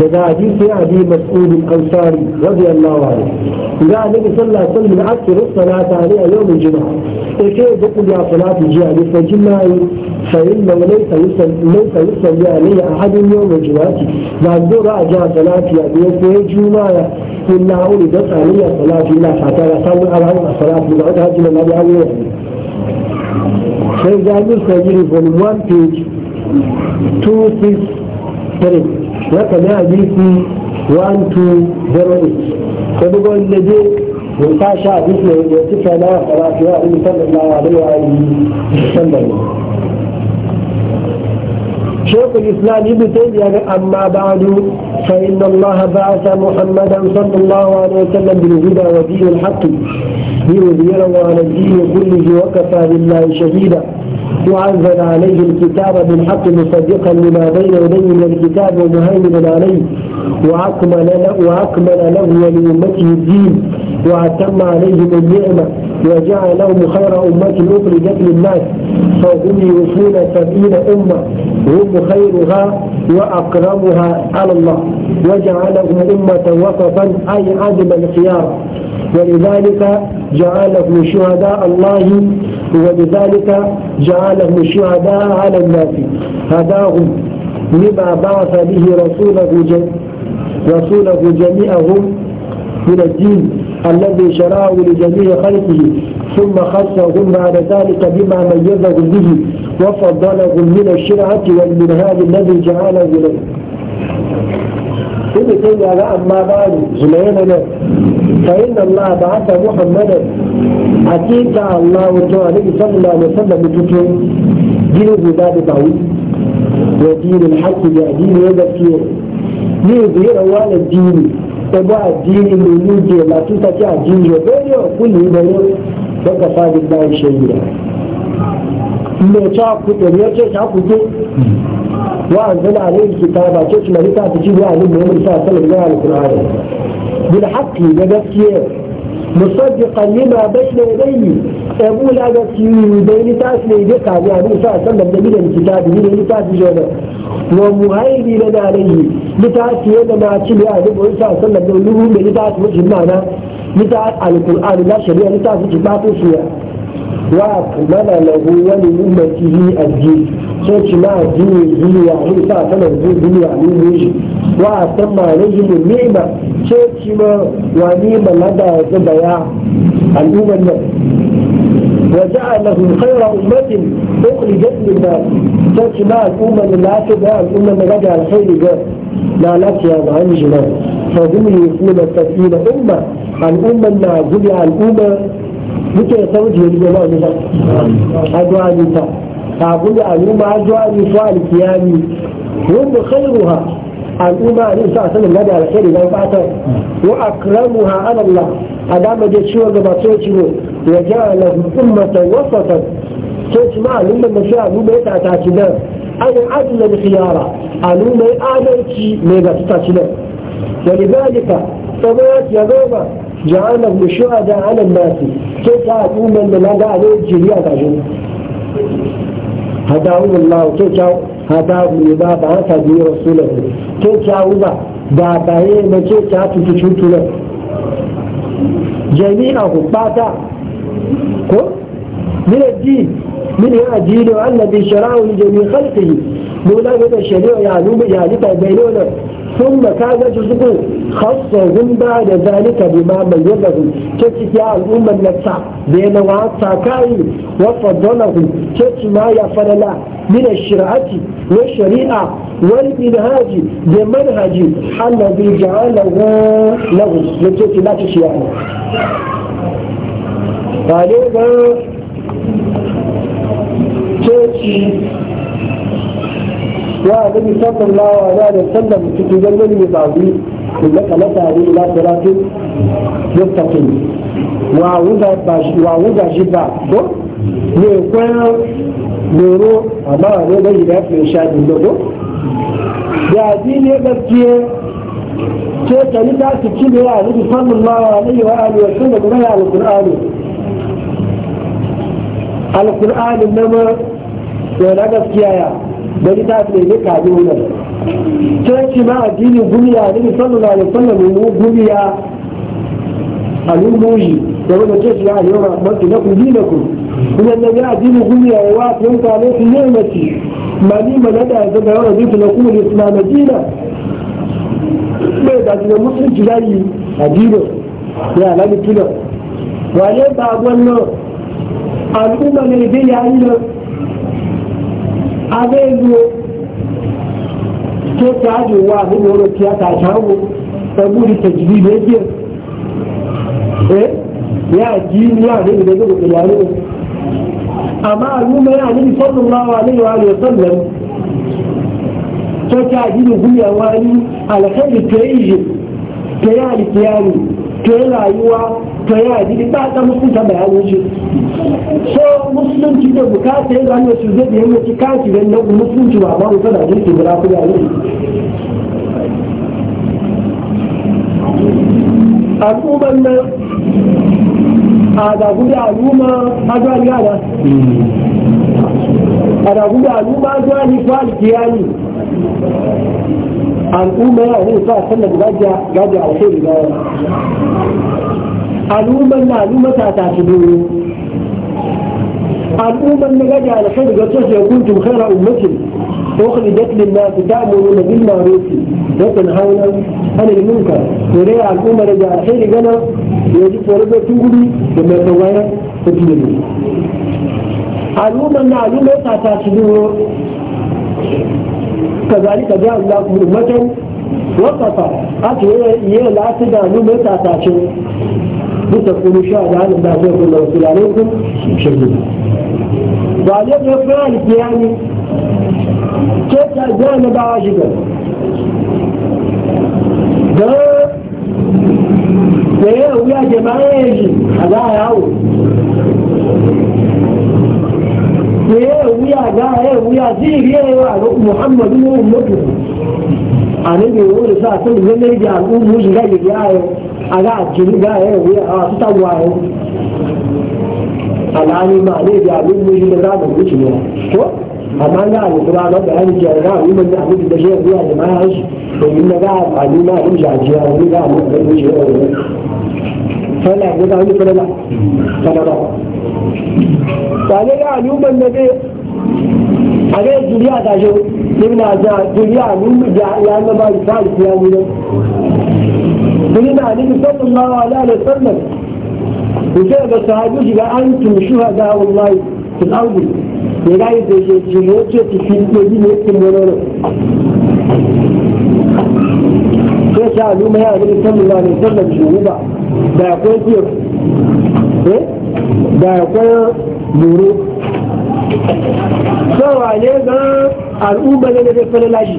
لدى حديث أبي مسعود الأنصاري رضي الله عنه قال النبي صلى الله عليه وسلم أكثر الصلاة عليها يوم الجمعة إيش يقول يا صلاة الجمعة فالجمعة فإنه ليس ليس يصلي عليه أحد يوم الجمعة بعد أجا صلاة أبي في إيه الجمعة إلا أولدت علي صلاة الله حتى لا صلوا على صلاة من عدها جمعة لأبي فإذا يصلي فول 1 page 263 وكما بيتي وانتو جرؤت فبقول الذي وقاشا باسمه وتكى لا صلاة واحد صلى الله عليه وآله وسلم شيخ الإسلام ابن تيمية أما بعد فإن الله بعث محمدا صلى الله عليه وسلم بالهدى ودين الحق ليظهره على الدين كله وكفى بالله شهيدا وأنزل عليه الكتاب بالحق مصدقا لما بين يديه من الكتاب ومهيمنا عليه وأكمل له, وأكمل له ولأمته الدين وأتم عليهم النعمة وجعلهم خير أمة أخرجت للناس فهم يوفون سبيل أمة هم خيرها وأقربها على الله وجعلهم أمة وسطا أي عدم الخيار ولذلك جعلهم شهداء الله ولذلك جعلهم شهداء على الناس هداهم لما بعث به رسوله رسوله جميعهم من الدين الذي شرعه لجميع خلقه ثم خصهم بعد ذلك بما ميزهم به وفضلهم من الشرعة والمنهاج الذي جعله له. إذا كان أما بعد زمان فإن الله بعث محمدا أكيد الله وتعالى صلى الله عليه وسلم بكتب دين الهدى بطوي ودين الحق بأدين دين غير على الدين تبع الدين اللي يوجه لا تستطيع الدين يبني وكل يبني وكفى صادق شهيدا. Me ya ci hakuta, me ya ce وأنزل عليه الكتاب كيف ما يتعب تجيب من رسالة صلى الله عليه وسلم بالحق بجسية مصدقا لما بين يديه يقول هذا في بين تاس يدك على يعني صلى الله عليه من الكتاب من الكتاب جنة لنا عليه لتاسي لما تجيب يعني صلى الله عليه وسلم من الكتاب وجه معنا على القرآن لا شريع لتاس تبعته فيها وأكمل له ولأمته الدين سوتش ما الدين الدين يعني سافر الدين يعني ويجي وأتم عليهم النعمة سوتش ما ونعمة لدى زبيا الأمم وجعلهم خير أمة أخرجت للناس تاتي مع الأمة لا تدعى الأمة رجع الخير لا لا يا فهم التسليم أمة الأمة الأمة muke da sauti da rigo ba nisa addu'a nisa abu da al'umma addu'a nisa alkiyami wanda khairuha al'umma ne sa sanin na da alkhairi dan fata wa akramuha ala Allah adama da ciwo gaba so ciwo ya ja'ala ummatan wasatan sai ci ma al'umma da shi al'umma ya tata ci nan ayin adlan khiyara al'umma ya adalci mai ga tuta ci nan ولذلك فمات يا جعله شهداء على الناس كيف يقول من لماذا عليه الجريعة تجد هداه الله كيف يقول هداه من باب عسى دي رسوله كيف يقول بابا هي ما كيف يقول تشوت له جميعه بعد من الدين من هي الدين وعلى بشراه لجميع خلقه مولا من الشريع يعلوم يعلوم يعلوم ثم كان جزء خصهم بعد ذلك بما ميزهم كتيا الأمة نتسع بين وعطاكاي وفضلهم كتما يفعل من الشرعة والشريعة والمنهاج بمنهج الذي جعله له لكي لا تشيعه قالوا كتي يا النبي صلى الله عليه وسلم تتجنن ببعضي إنك لتهدي إلى صراط مستقيم وعوض جبا ليكون نورو أما هو ده يبقى في شاد النورو يعدين يبقى ce ta yi ta ci ci da ya وسلم sallallahu alaihi wa alihi wa sallam kuma ya alqur'ani alqur'ani nama to na da littafi ne ne kaji wannan coci ma addini gumiya ne sallallahu alaihi wasallam mu gumiya alumuyi da wanda coci ya yi wa mafi na kudi na ku kuma na ya addini gumiya ya wasu yanka ne su ne mace mani mana da ya zaga yawan zuci na kuma islam madina bai da shi musulunci ya yi addini ya alamu wale ba wannan al'umma ne dai ya yi nan abẹ́lu tó tààjú wà nínú ọ̀rọ̀ tí a kà sáwọ́ ẹgbú rí tẹ̀jìlì méjì ẹ̀ ní àjí anyị àrí ìrẹ́gbẹ̀ òkèlè àrí àmá àlúmẹ́ àníbi sọ́nù láwà nínú àrí ọ̀sọ́lẹ̀ tó anyị ní gúnyà wá ní àlẹ́kẹ́lì kẹ́yìn kẹ́yà àlìkẹ́yà kẹ́yà àyíwá to ya yi ba ta musulunta da yawon shi so musulunci da bukata ya zama su zai da yamma ci kashi don na musulunci ba ba wuta da jinsu guda kuma yi al'umman nan a guda al'umma a zuwa yana a guda al'umma a zuwa ni kwa alkiyani al'umma ya ne sa sannan gajiya gajiya a sai da al'ummar na al'ummata ta ci doro al'ummar na gaji alkhairu ga tsohon ya kuntu khaira ummatin tokhli jatlin na su damuru na bin maroki da kan haunan hannun nuka da rai al'ummar da alkhairu gana ya ji tsoron da tunguri da mai tsawaya ta ci doro al'ummar na al'ummata ta ci doro ka zari ka ja Allah ku ummatan wasafa a ce yi lati da al'ummata ta ci لتكونوا شاهد عن الناس يقول الرسول عليكم شهيدا وعليه الثالث يعني كيف جانب عاجبا ده ده يا جماعة يجي هذا يعود ويا ويا ga ويا wuya ويا ya yi wa muhammadu ne ummatu a nan bai wuri sa sun ganar da al'ummu shi aga àjìrí báyẹ̀ ìwé àwọn àtúntàwọ̀ ààrẹ alani ma ne da abin mu shi da za mu wuce ne ko amma ga alƙura na bayani ke ga abin mun da abin da shi ya da ma shi to in da ga abin ma in jajiya ne ga mu da wuce ne fala ne da wani fala ba fala ba ta ne ga al'umman da dai a ga juriya ta shi ibn azza juriya mun da ya na ba ta ya mu تريد عليه صلى الله عليه وسلم وكيف الصحابي يقول أنتم شهداء الله في الأرض يقول يجيوك في المدينة يكتب ولونه كيف شهدوا ما يعمل صلى الله عليه وسلم شهودا da akwai fiye da akwai buru sau ne ga al'ummar da zai fara lashi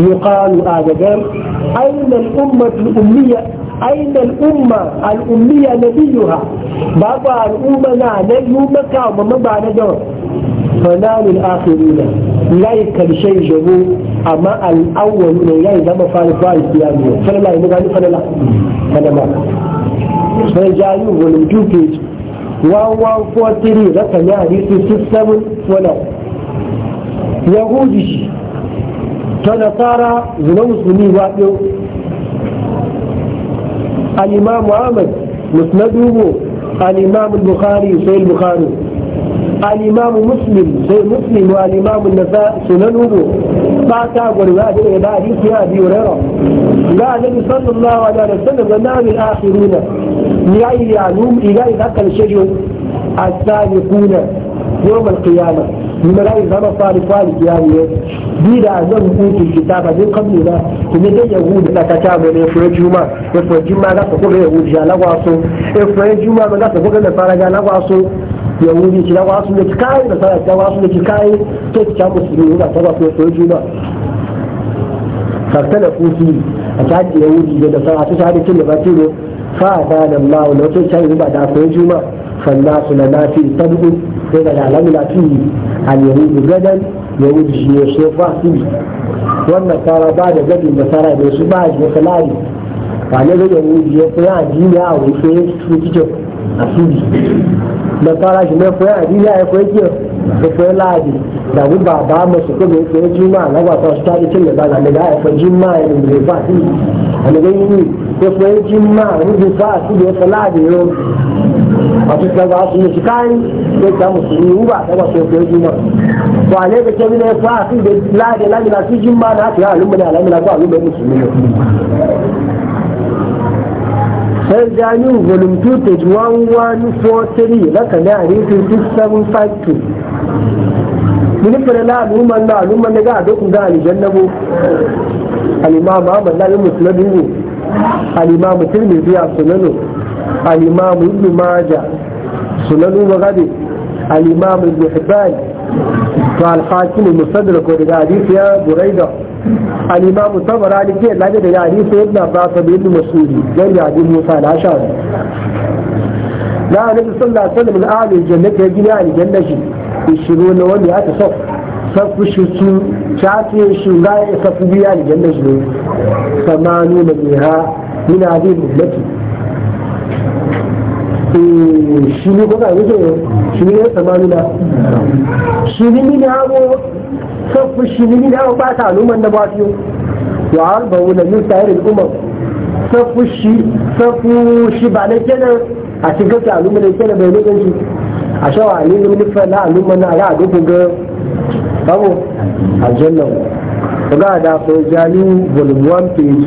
يقال آدم أين الأمة الأمية أين الأمة الأمية نبيها بابا الأمة لا نبي مكة وما بعد دور فنال الآخرين لا يكل شيء جبو أما الأول من لا يزم فارس فارس يعني فلا لا يمغاني فلا لا فلا ما فلا جايو ولم بيج 1143 رقم يعني 67 ولا يهودي ta nasara zina musulmi ba ɗin al'imamu ahmad musnadubu al'imamu bukhari sai bukhari al'imamu muslim sai muslim wa al'imamu nasa sunanubu ba ta gwarza da ya ba hadisi ya biyu rera ga annabi sallallahu alaihi wasallam da nabi akhiruna ya yi ya num ya yi da karshe yau as-sabiquna yawm al-qiyamah mulayi zama fari fari ya ne bi da zan hutu kitaba din kabli da kuma dai yahudu da kata mai ne fure juma ko fure juma za ka ga yahudu ya lagwa so e fure juma ba za ka ga da fara ga lagwa so yahudi ki lagwa so ne ki kai da fara ki lagwa so ne ki kai to ki kyamu su ne da ta fara fure fure juma faktala kusi a kaji yahudi da fara ta sa da kin da ba tiro fa da Allah wala to sai ba da fure juma فالناس لنا في طلب إذا العالم لا فيه اليهود غدا يهود يوسف فيه والنصارى بعد غد النصارى يوسف بعد وكلاري قال له يهود يقول عجيب يا وفي وتجو أفيد نصارى شنو يقول عجيب يا يقول كيف يقول لادي دعوة بابا مسكوا يقول جماعة لا بس تاري تلا بعد أنا لا يقول جماعة يقول فاتي أنا جاي يقول جماعة يقول فاتي يقول لادي wato ta za su yi kayan da ta musu yi uba ta wato ta yi juma ba ne da kemi ne fa fi da lade lade su jin ba na haka ta alumma da alumma ko alumma musulmi ne sai jami'u volume 2 page 1143 na kane a rikin 2752 minifin na al'umman na al'umman na ga a dokun ga alijannabo al'imam ahmad na yi musulmi ne al'imam mutum ne biya sunanu al-imam ibn majah sunan al-bukhari al-imam ibn hibban قال حاكم المستدرك ودقى حديث يا بريدة الإمام الطبراني كي لا يدقى حديث ابن عباس بن مسعود غير حديث موسى العشاري لا النبي صلى الله عليه وسلم الآن الجنة يجري عن الجنة يشيرون ومئة صف صف شتو شاتي شنغاي صف بيان الجنة ثمانون منها من هذه الأمة shi ne kuka yake shi ne ya samari na shi ne ni hago sabu shi ne ni hago ba ta aluman da ba su yi wa harba wula min tsayarin umar sabu shi shi ba na kenan a cikin ta aluman da kenan bai nufin shi a shawa ne ne nufa na aluman na ya duku ga babu aljanna ga da ko jali volume 1 page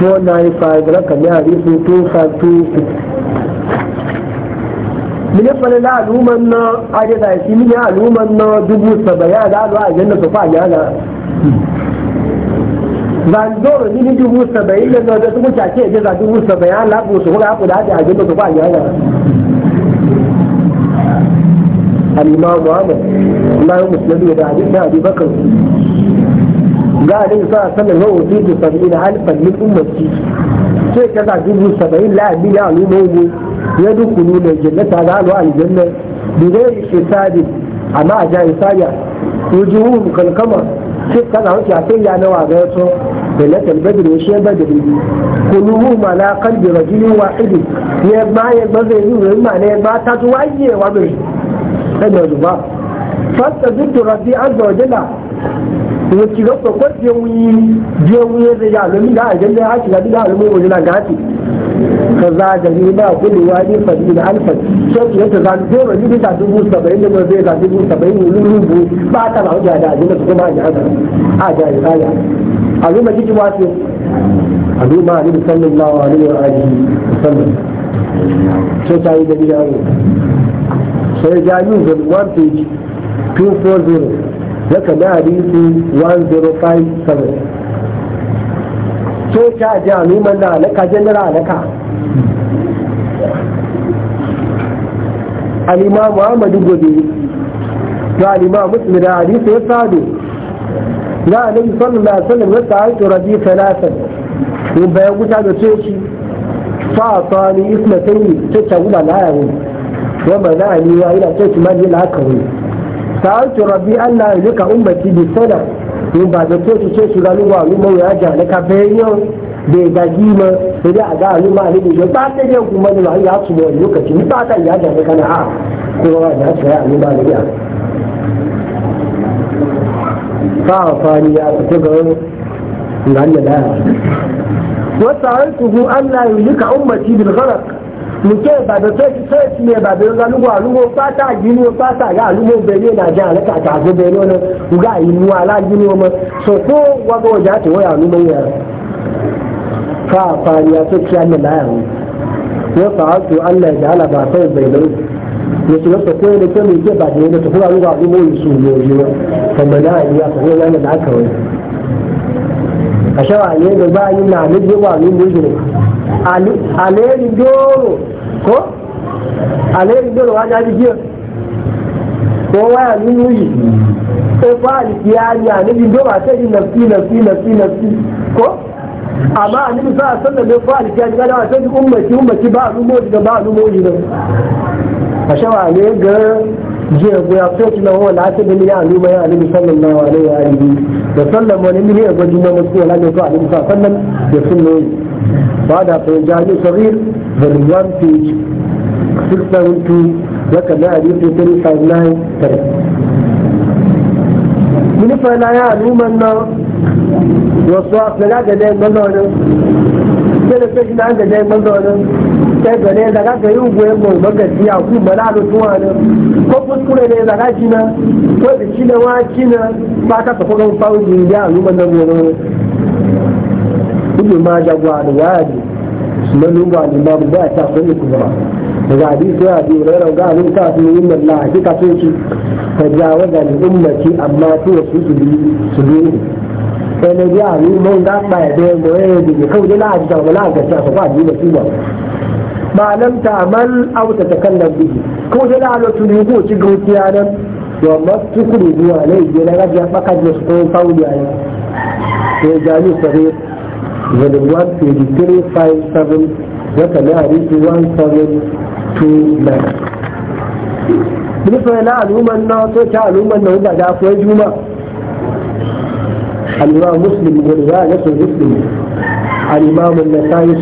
495 rakami hadisi 252 mini fana da al'umman na aje da shi mini al'umman na dubu saba'in da alu a janna su fa yana zandoro mini dubu saba'in da na da su kuka ce je za dubu saba'in la ko su kuka haku da aje a janna su fa yana al-imam Muhammad Allah ya musulmi da hadisi Abi Bakar ga hadisi sa sallan wa usidu sab'ina alfan min ummati sai kaza dubu saba'in la biya al'umman ya dukunu da jannata za a lo aljanna bidai hisabi amma a jayi saya wujuhum kalkama sai kana wuce a sai ya wa ga yaso da na talbadin ya shiyar badiri kuluhu ma na kalbi rajulin wahidi ya ba ya ma zai yi wurin ma ne ba ta zuwa yi wa bai sai ya zuba fasta zittu rabbi an zuwa jina wuci ga kwakwakwar biyan wuyi biyan wuyi zai yi alumi da a jami'a haki ga biyan alumi wajen ga haki kaza zagaye ma a kulle wani faɗi ne alfas. So ki yadda zan jefar ni biyu dubu sabaya, ni biyu daga dubu sabaya, ni biyu daga dubu sabaya, ni biyu Ba a tala a wuce a daɗi a tukuna a a gaɗo. A'a jiyaye ba ya. Habiba aiki So Sai kai yaro zan yi wa feshi, two four zero, zan kalli aiki one zero five to ta ji a da alaka general alaka alima muhammadu gobe da alima musulmi da hadisi ya sadu na alayhi sallallahu alaihi wasallam ya sa haitu rabi salasan in bayan wuta da soji shi fa ta ismatai isma ce ta wula za a na wa ila ce ma ni la la'akawai sa ta rabi allah ya lika ummati bi sadar nígbà tó tó ti tó sùgbà nígbà olúmọ yẹn ajá lẹ́ka bẹ́ẹ̀ yàn bí ìdájí mọ eré àga olúmọ àlejò yẹn bá tẹ́jẹ́ kú mọ́ nígbà yà á tún bọ̀ ìlú kẹ̀tì nígbà tá ìyá ajá lẹ́ka náà kó wọ́n àjà sọ̀rọ̀ àlejò àlejò. fáwọn fáwọn ya tó gan ń lálẹ́ láyà. wọ́n sàrẹ́ tuhu an láyé yìí ka ọmọ ti bìlgọ́rọ̀ nke ìbàdàn tó ti tó ti lè ìbàdàn lọ lúgbọ àlúgbọ pátá ìdínú pátá ìyá àlúgbọ bẹ̀rẹ̀ ìdájọ́ àlẹ́ kàkà àti bẹ̀rẹ̀ ọ̀nà ìgbà ìlú alájínú ọmọ sọ̀tún wọ́gbọ̀ ọjà tí wọ́n yà lúgbọ yẹn fa àfààní àti kí á lè ya wọ́n fà á tó alẹ́ ìjà alàbà àtọ́ ìbẹ̀rẹ̀ yẹtù ẹni tó ìbàdàn yẹn ọmọ náà náà kàn àṣà wà yẹn àlejò wà àlẹ́ ko alherin dole wa jaji jiya a nabi dole a sai nafsi nafsi nafsi ko amma a nabi sa sallan da fa kada a sai ummaki ummaki ba rumoji da ba rumoji da ga da sallan wani ya da بعد فنجان صغير volume 1 page 672 وكما حديث 359 من فلا يعلم أن وصواف لا جدين ملونه كده تجد عن جدين ملونه كده ne da kaka yi ugwe mu magaji a ku mala lutuwa ne ko kuskure ne da kaka jina ko da shi da wa jina ba ka tafi kan fawo jini da aluman ma ga ibn ya wa na sunan wa ma ba ta kullu kubra daga hadisi ya bi rera ga abin ta su yin Allah hakika so ci tajawaza li ummati amma to su su bi su bi sai ne ya ni mun da ba da mu eh da kawai la ga wala ga ta ba ni da su ba ma lam ta'mal aw tatakallam bihi ko da la to ni ko ci gaskiya nan to amma tukuri duwa ne ya ga ya baka da su ko fauli ayi ya jani sahih volume 1 page 357 daga na hadisi 1729 bilifai na al'umman na wato ta al'umman na wanda da afuwar juma al'umma muslim gurza ya su muslim al'umma na sayi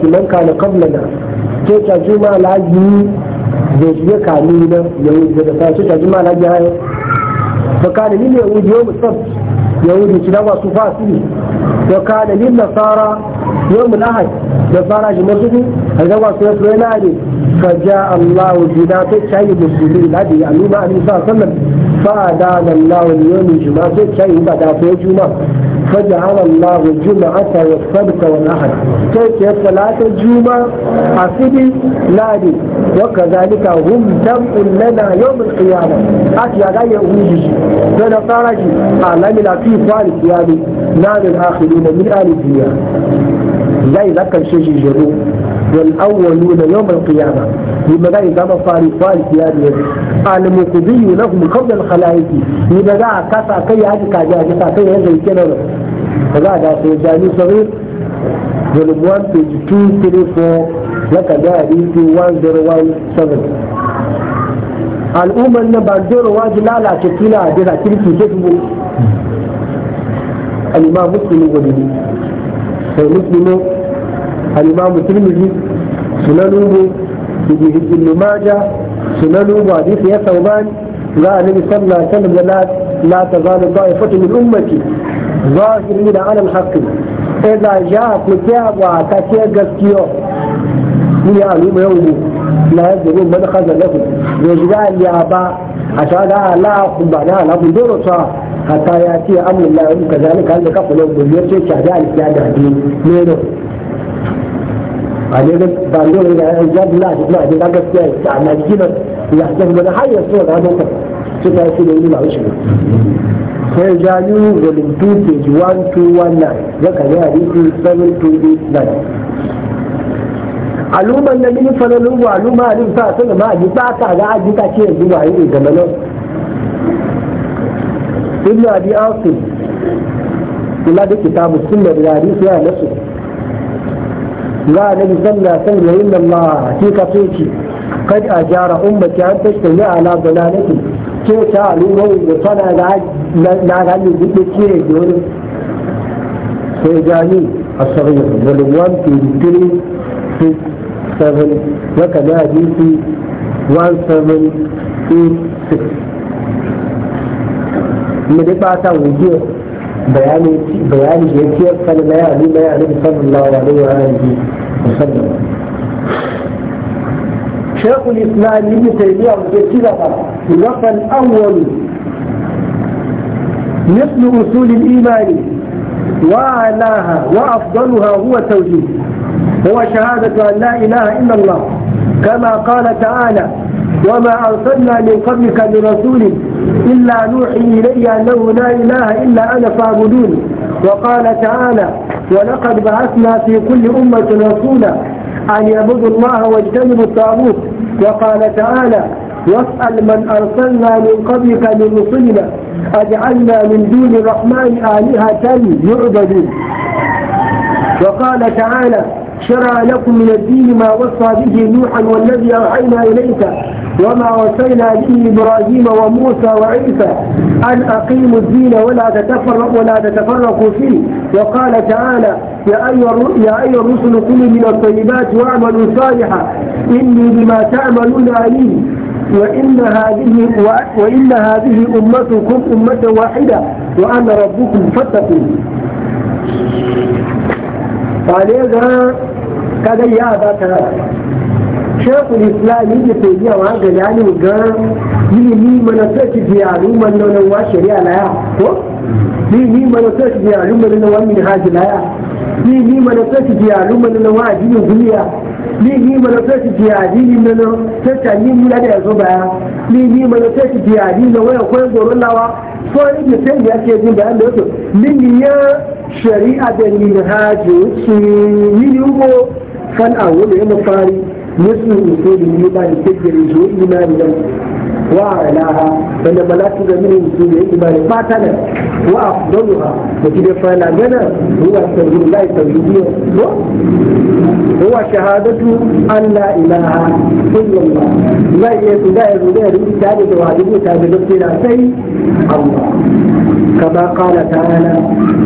da da sai ta ji ma laji da shi kami na yahudi da sai ta ji ma laji hayo fa kana lil yahudi yawm sabt yahudi shi da wasu fasiri ka da lil nasara yawm al ahad da fara shi musu da wasu sai na ne فجاء الله جناته شيء مسلمين الذي يعني ما أبي صلى الله عليه فأدان الله اليوم جمعته شيء بدا في جمعة فجعل الله جمعة والسبت والأحد كيف صلاة الجمعة حسبي لادي وكذلك هم تم لنا يوم القيامة أتيا علي أمجي ونصارجي أعلم لطيف والي نار الآخرين من آل الدنيا لا يلقى الشيء جروب والأولون يوم القيامة لما ذا إقامة فاري فاري سيادي المقضي لهم قبل الخلائق لما ذا كسا كي هذه كاجا كسا كي هذا يكينا فذا دا سيجاني صغير volume 1 page 234 لك جاء ريتي 1017 الأمة نبادر واجلا لا تكيلا ديرا كيركي جسمه الإمام مسلم ولدي فمسلمه الإمام الترمذي سننه ابن ماجه سننه حديث يا ثوبان لا النبي صلى الله عليه وسلم لا لا تزال طائفة من أمتي ظاهرين على الحق إذا جاء كتاب وأتاكي قسكيو من يعلم يومه لا يدرون من خزن لكم يجعل يا أبا عشان لا أقوم بعدها لا بدور حتى يأتي أمر الله وكذلك هل كفلوا باليوم شهداء الإسلام الدين مينو a ne ba ne wani yayin jabi na shi na abin na gaskiya ya ta na gina ya ta wani har yanzu wani ranar ka su ta shi da yi ba shi ne sai jani volume 2 page 1219 ya kan yi hadisi 7289 aluman na mini falalin wa aluma alim sa sun ma ji ba ta ga aji ta ce yanzu ba yi ga malam ibn abi asim ila da kitabu sunna da hadisi ya nasu ga annabi sallallahu alaihi wasallam inna Allah shi ka ki kad ajara ummati an tashtami ala dalalati ke ta al'umma da tana da na ga ni gudu ke dole sai jani as-sahih volume 1 2 3 7 waka da hadisi 1786 mu da ba ta wuce بيان بيان جيتي قال ما يعني ما يعني صلى الله عليه وآله وسلم شيخ الإسلام ابن تيمية وجيتي الوقت الأول مثل أصول الإيمان وأعلاها وأفضلها هو التوحيد هو شهادة أن لا إله إلا الله كما قال تعالى وما أرسلنا من قبلك من رسول إلا نوحي إلي أنه لا إله إلا أنا فاعبدوني وقال تعالى ولقد بعثنا في كل أمة رسولا أن يعبدوا الله واجتنبوا الطاغوت وقال تعالى واسأل من أرسلنا من قبلك من رسلنا أجعلنا من دون الرحمن آلهة يعبدون وقال تعالى شرع لكم من الدين ما وصى به نوحا والذي أوحينا إليك وما وصينا به إبراهيم وموسى وعيسى أن أقيموا الدين ولا تتفرقوا ولا تتفرقوا فيه وقال تعالى يا أيها يا أيها الرسل كلوا من الطيبات واعملوا صالحا إني بما تعملون عليم وإن هذه وإن هذه أمتكم أمة واحدة وأنا ربكم فاتقون قال يا كذا يا أبا shekul islami yin ke biya wa ga yani ga ilimi mana sai ki biya ruman nan wa shari'a la ya ko ilimi mana sai ki biya ruman nan wa min haji la ya ilimi mana sai ki biya ruman nan wa ni duniya ilimi mana sai ki biya ni nan sai ta yi mula da yazo baya ilimi mana sai ki biya addinin nan wa koyar goron lawa ko ni ke sai ya ke jin bayan da wato ya shari'a da min haji su ni ne ko kan awo da yana fari مثل وصول النبا الفجر وجوه إيمان وعلاها فلما لا تجد منهم في الإيمان باطلا وأفضلها وكده فلا جنى هو توحيد الله التوحيدية هو شهادة أن لا إله إلا الله لا يدعي الرجال الإنسان وواجبه تابع نفسنا سي الله كما قال تعالى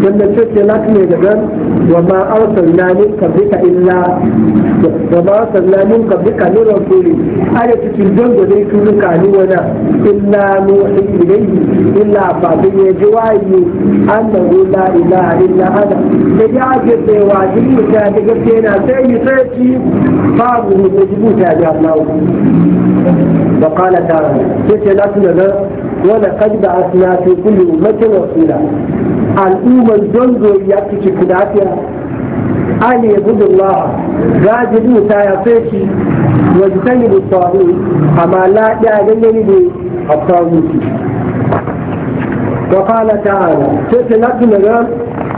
جل شك لكن يدعون وما أرسلنا من قبلك إلا وما أرسلنا من قبلك من رسول أنا تكلم وليس لك إلا wani ilimi illa ba da ya ji wayi an da ruda ila ila da ya ke tsewa jin mutu ya daga tsena sai yi sarki da jibu ta ji allah da kala ta sai ce na tuna nan wani kan da asina fi kulle umarci da al'ummar don zoriya cikin kudafiya أن يعبدوا الله موسى تايفيكي واجتنبوا الطاغوت أما لا يعلمني بالطاغوت وقال تعالى تسلت مجال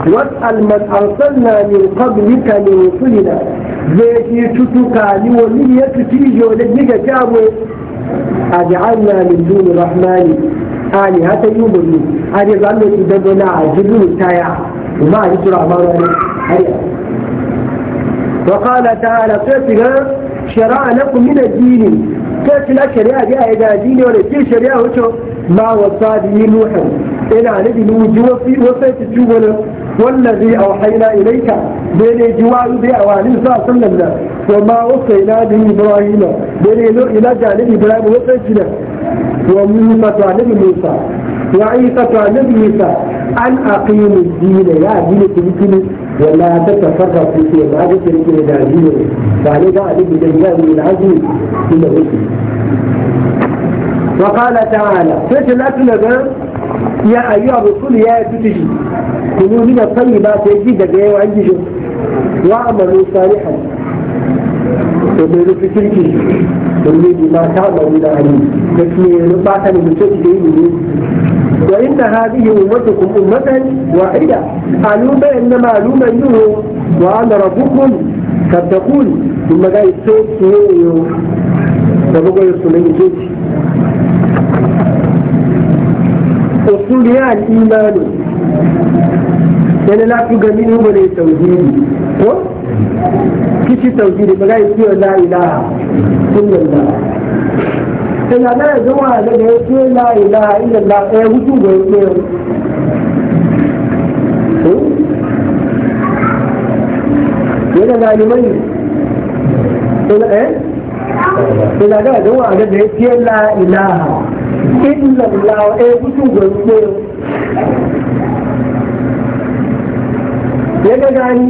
واسأل من أرسلنا من قبلك من رسلنا زيكي تتوكا لولي يتتيجي ولدنك كابو أجعلنا من دون الرحمن آلي هتا آلهة يؤمنون هذه ظلت دبنا عجلوا تايا وما يجرى مرة وقال تعالى قتل شرع لكم من الدين قتل شرع دي أيضا دين ولكن شرع وشو ما وصى به نوحا إلى نبي نوح وفي وصيت الجبل والذي أوحينا إليك بين جوال بي أواني صلى الله عليه وسلم وما وصينا به إبراهيم بين إلى جانب إبراهيم وصيتنا وموسى جانب موسى وعيسى جانب عيسى أن أقيم الدين يا دين تبكني ولا تتفرق في شيء ما ذكر فعلى العزيز فعليك عليك من العزيز في وجهه وقال تعالى فتل أكلنا يا أيها الرسول يا تتجي كلوا من الطيبات يجدك يا وعندي جو وعملوا صالحا وبيروا في تلك تريد ما تعمل إلى عليم لكن نبعث لمسجد إليه وإن هذه أمتكم أمة واحدة قالوا إنما علوم أنه وأنا ربكم تقول ثم جاء الصوت سنوي فبقى يصلي صوت أصولها الإيمان يعني لا تجمعه من التوحيد kici tauhidi ba ga yi kiyo la ilaha illallah ina da ya zuwa da ya la ilaha illallah eh wucin hmm? da ya kiyo yana zalimai ina eh ina da da ya kiyo la ilaha illallah eh gani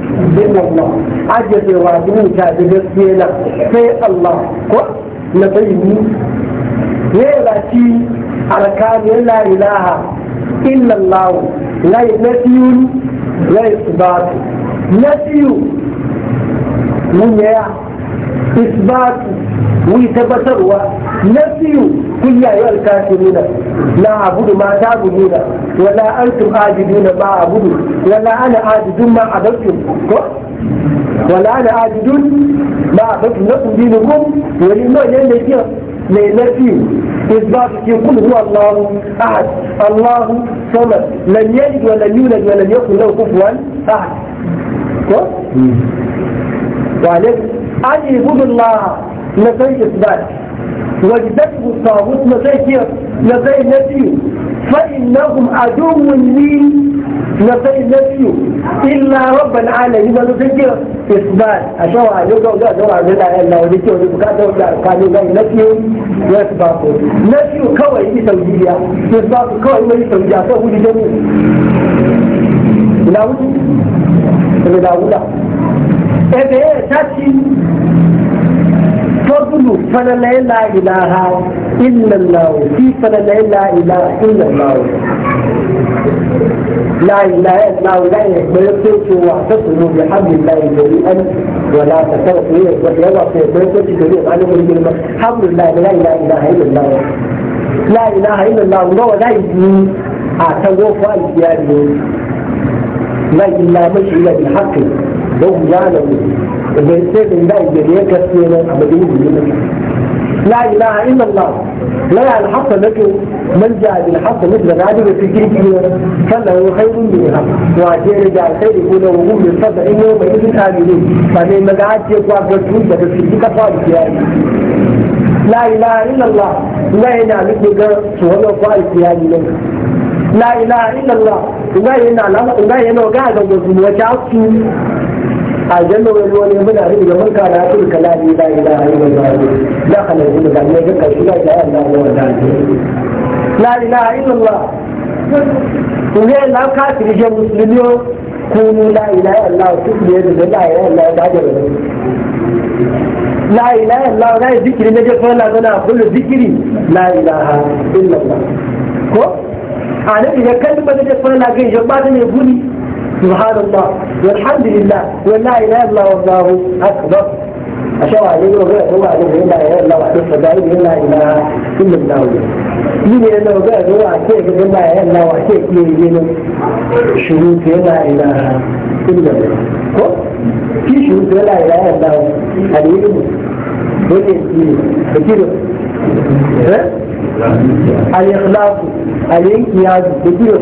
بين الله عجز وعدون كاذب فينا في الله كو نبيه ويلاتي على كان لا إله إلا الله لا نسي لا إثبات نسي من يا إثبات ويتبتر ونسي قل يا أيها الكافرون لا أعبد ما تعبدون ولا أنتم عابدون ما أعبد ولا أنا عابد ما عبدتم ولا أنا عابد ما عبدتم لكم دينكم ولله ينبغي لنفي إثبات يقول هو الله أحد الله صمد لم يلد ولم يولد ولم يكن له كفوا أحد وعليكم أن يعبد الله نفي إثبات واجتنبوا الطاغوت نزيه نزيه نزيه فإنهم عدو لي نزيه نزيه إلا رب العالمين نزيه إثبات أشوى يوجد وجد دورة لله إلا ولكي ولبكاء دورة كانوا لا نزيه وإثباته نزيه كوي يسويه إثباته كوي يسويه فهو لجميع لا وجد لا وجد ebe ya tashi فضل فلا لا إله إلا الله في فلا لا إله إلا الله لا إله إلا الله لا يكبرت واعتصموا بحبل الله جميعا ولا تفرقوا ولا تفرقوا جميعا على كل كلمة حبل الله لا إله إلا الله لا إله إلا الله ولا لا يجي أعتبروا فالجيال لا إلا مشي إلا بالحق لهم يعلمون إذا يستيقن لا يجري كثيرا أبدين بلنا لا إله إلا الله لا يعني حتى لكن من جاء بالحق مثل العدل في كيكي هو خير منها وعجير جاء الخير يكون وهم من صدع يوم إذن آمنين فمن مقعد يقوى بسهود بسهود يا يعني لا إله إلا الله لا ينعمل بقى سهول وفارك يعني لا إله إلا الله لا ينعمل لا ينعمل قاعدة وزن وشعبت aljanna wani wani muna rubi ga manka da su kalali kana da ne ga kashi da ya Allah wa da la ilaha illallah ne la ka tirje muslimiyo kunu la ilaha illallah su ne da la ilaha illallah da da la ilaha illallah na zikiri ne da fa la zana kullu zikiri la ilaha illallah ko a ne da kalmar da ga ba da ne guri سبحان الله والحمد لله ولا إله إلا والله أكبر أشهد أن لا إله إلا الله وحده لا إله إلا الله من أنه قال هو اله إلا إلا وعشيك الله شروط لا إله إلا الله في شروط لا إله إلا الله العلم والإسلام بكده الإخلاص الانقياد بكده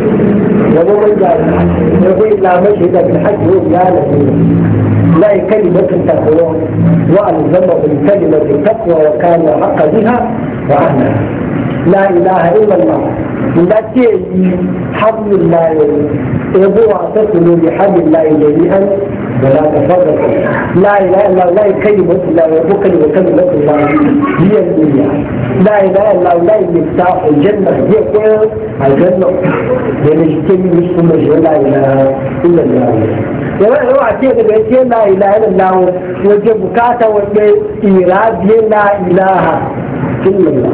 وهو يقول لا مشهد بالحج هو يا لا كلمة تقوى وألزم بالكلمة التقوى وكان حق بها وعنها لا إله إلا الله لكي حبل الله يبوع تصلوا لحبل الله جميعا ولا تفرقوا لا اله الا الله كلمه الله يبو كلمه كلمه الله هي الدنيا لا اله الا الله مفتاح الجنه هي كل الجنه بنجتمي مسلم لا اله الا الله yawan yawa ce da bai ce la ilaha illallah wajen bukata wajen iradi la ilaha illallah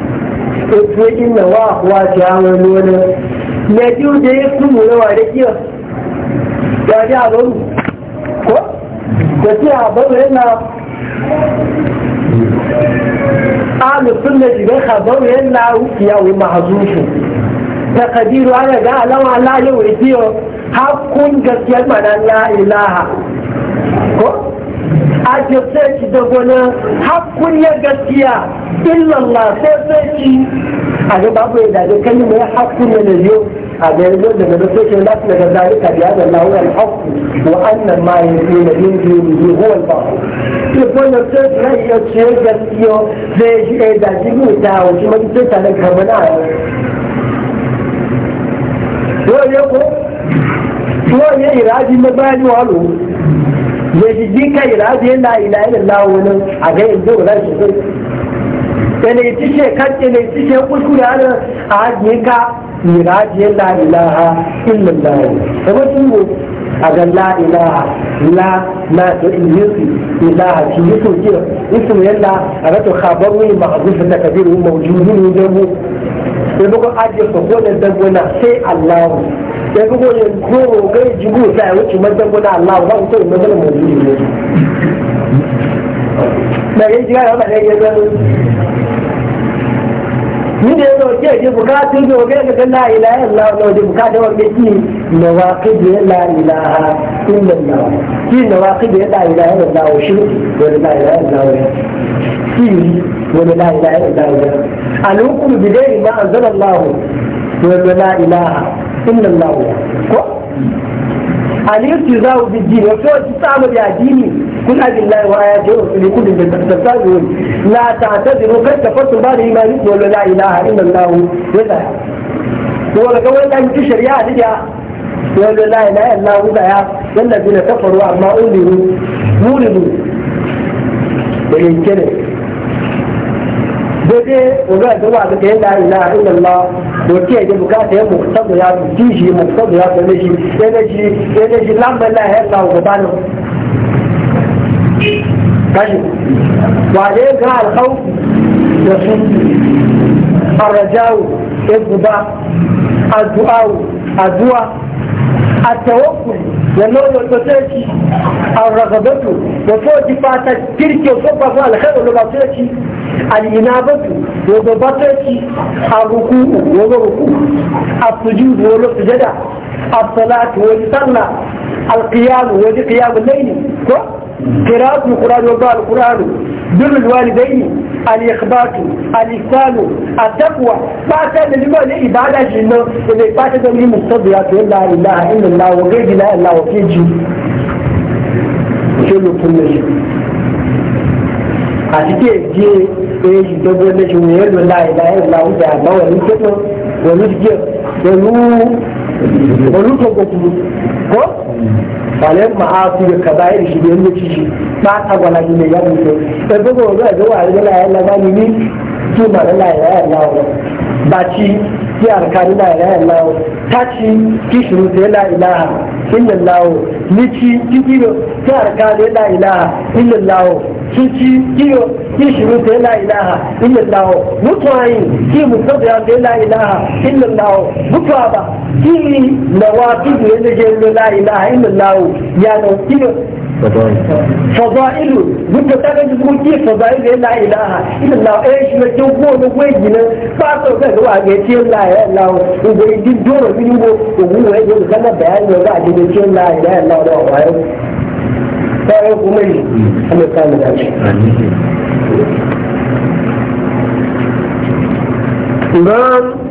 sai inna wa kuwa ta wani wani na biyu da ya fi mu yawa da kiyar ya ji a baro ko da ce a baro yana alu na jigar ka baro yana wukiya wa mahazufu da kadiru ana ga alama Allah yau da kiyar hakun gaskiyar mana la ilaha ko a jirsaci da gona hakkun ya gaskiya illallah sai sai ci a ga babu ya dage kan yi mai hakkun ya da yau a ga yanzu da gaba sai ce lafi daga zalika biya da lawuran hakku wa annan ma ya fi na yin biyu da yi huwal ba ke kone sai su rai ya ce gaskiya zai shi ya dage yi ta wasu mai sai ta nan karbi na yau yau ko yau ya iraji mabani walo ya ji jinka yi da yin la ila ila la a ga yin zo ran shi ene ti se kan ene ti se kuskure ana a je ka yi razu yin la ilaha illallah da ba tuwo a ga la ilaha la la to yusu ilaha ti yusu ki yusu yalla a ga to khabaru ma'ruf ta mu. mawjudun jabu sai ko aje ko da na sai allah ya fi goyi goro gai sa ya wuce guda Allah ba ne jiga da ya ni da ke ji bukatu ne ga la ilaha illa Allah bukatu wa ki la ilaha illa Allah ki la ilaha illa Allah shi wa la ilaha illa Allah ki wa la ilaha illa Allah bi ma anzala Allah wa la ilaha إلا الله يعني. الارتزاء بالدين وفي تستعمل يا ديني كل هذه الله وآياته لكل تستعملون لا تعتذروا قد كفرتم بعد إيمانكم ولا لا إله إلا الله وذا هو لك وين أن تشر يا دنيا ولا لا إله إلا الله وذا والذين كفروا عما أولهم مولدوا وإن كره daidai wanda da wa da yanda ila illa Allah to ke da bukata ya muktadu ya tiji muktadu ya da shi da shi da shi lamba la ya sa ko bano kashi wa da ga alkhawf da su arjau ibba addu'a addu'a at-tawakkul wannan wato sai ki an ragabatu da so ki fata kirke so ba za alkhairu da sai ki al-inabatu da ba sai ki ar-ruku'u da ruku as-sujud da sujada as-salatu da sallah al-qiyam da qiyam al-layl ko qira'atu al-qur'an wa al-qur'an birrul walidayn al'ikbatu al'isanu a takwa fata da limar da ibada shi nan da mai fata da ya to la ilaha illallah wa gaidi la ilaha wa keji ke lukun da shi a cikin je ɗaya shi dabo da shi ne yadda la ilaha illallah wa da ba wani jiya da wani kogo kuma ko bale ma'afi da ka bayar shi biyan da ni mai yawon a yi ba ci ki arkani laye laye laye ta ci ki shiru sai laye laye illallahu ni ci ki kiro cici kiyo kishiru da la ilaha illallah mutuwayi ki mutabbiya da la ilaha illallah mutuwa ba ki lawaki da yake la ilaha illallah ya da kiyo fadailu duka ta ga jikin ki fadailu la ilaha illallah eh shi ne kin ko ne ko gina ba to ga wa ga ce la ilaha illallah ugo din dole bin go ugo ya ga kana bayani ga ga ce la ilaha illallah da wa bayan kuma yi Allah ya samu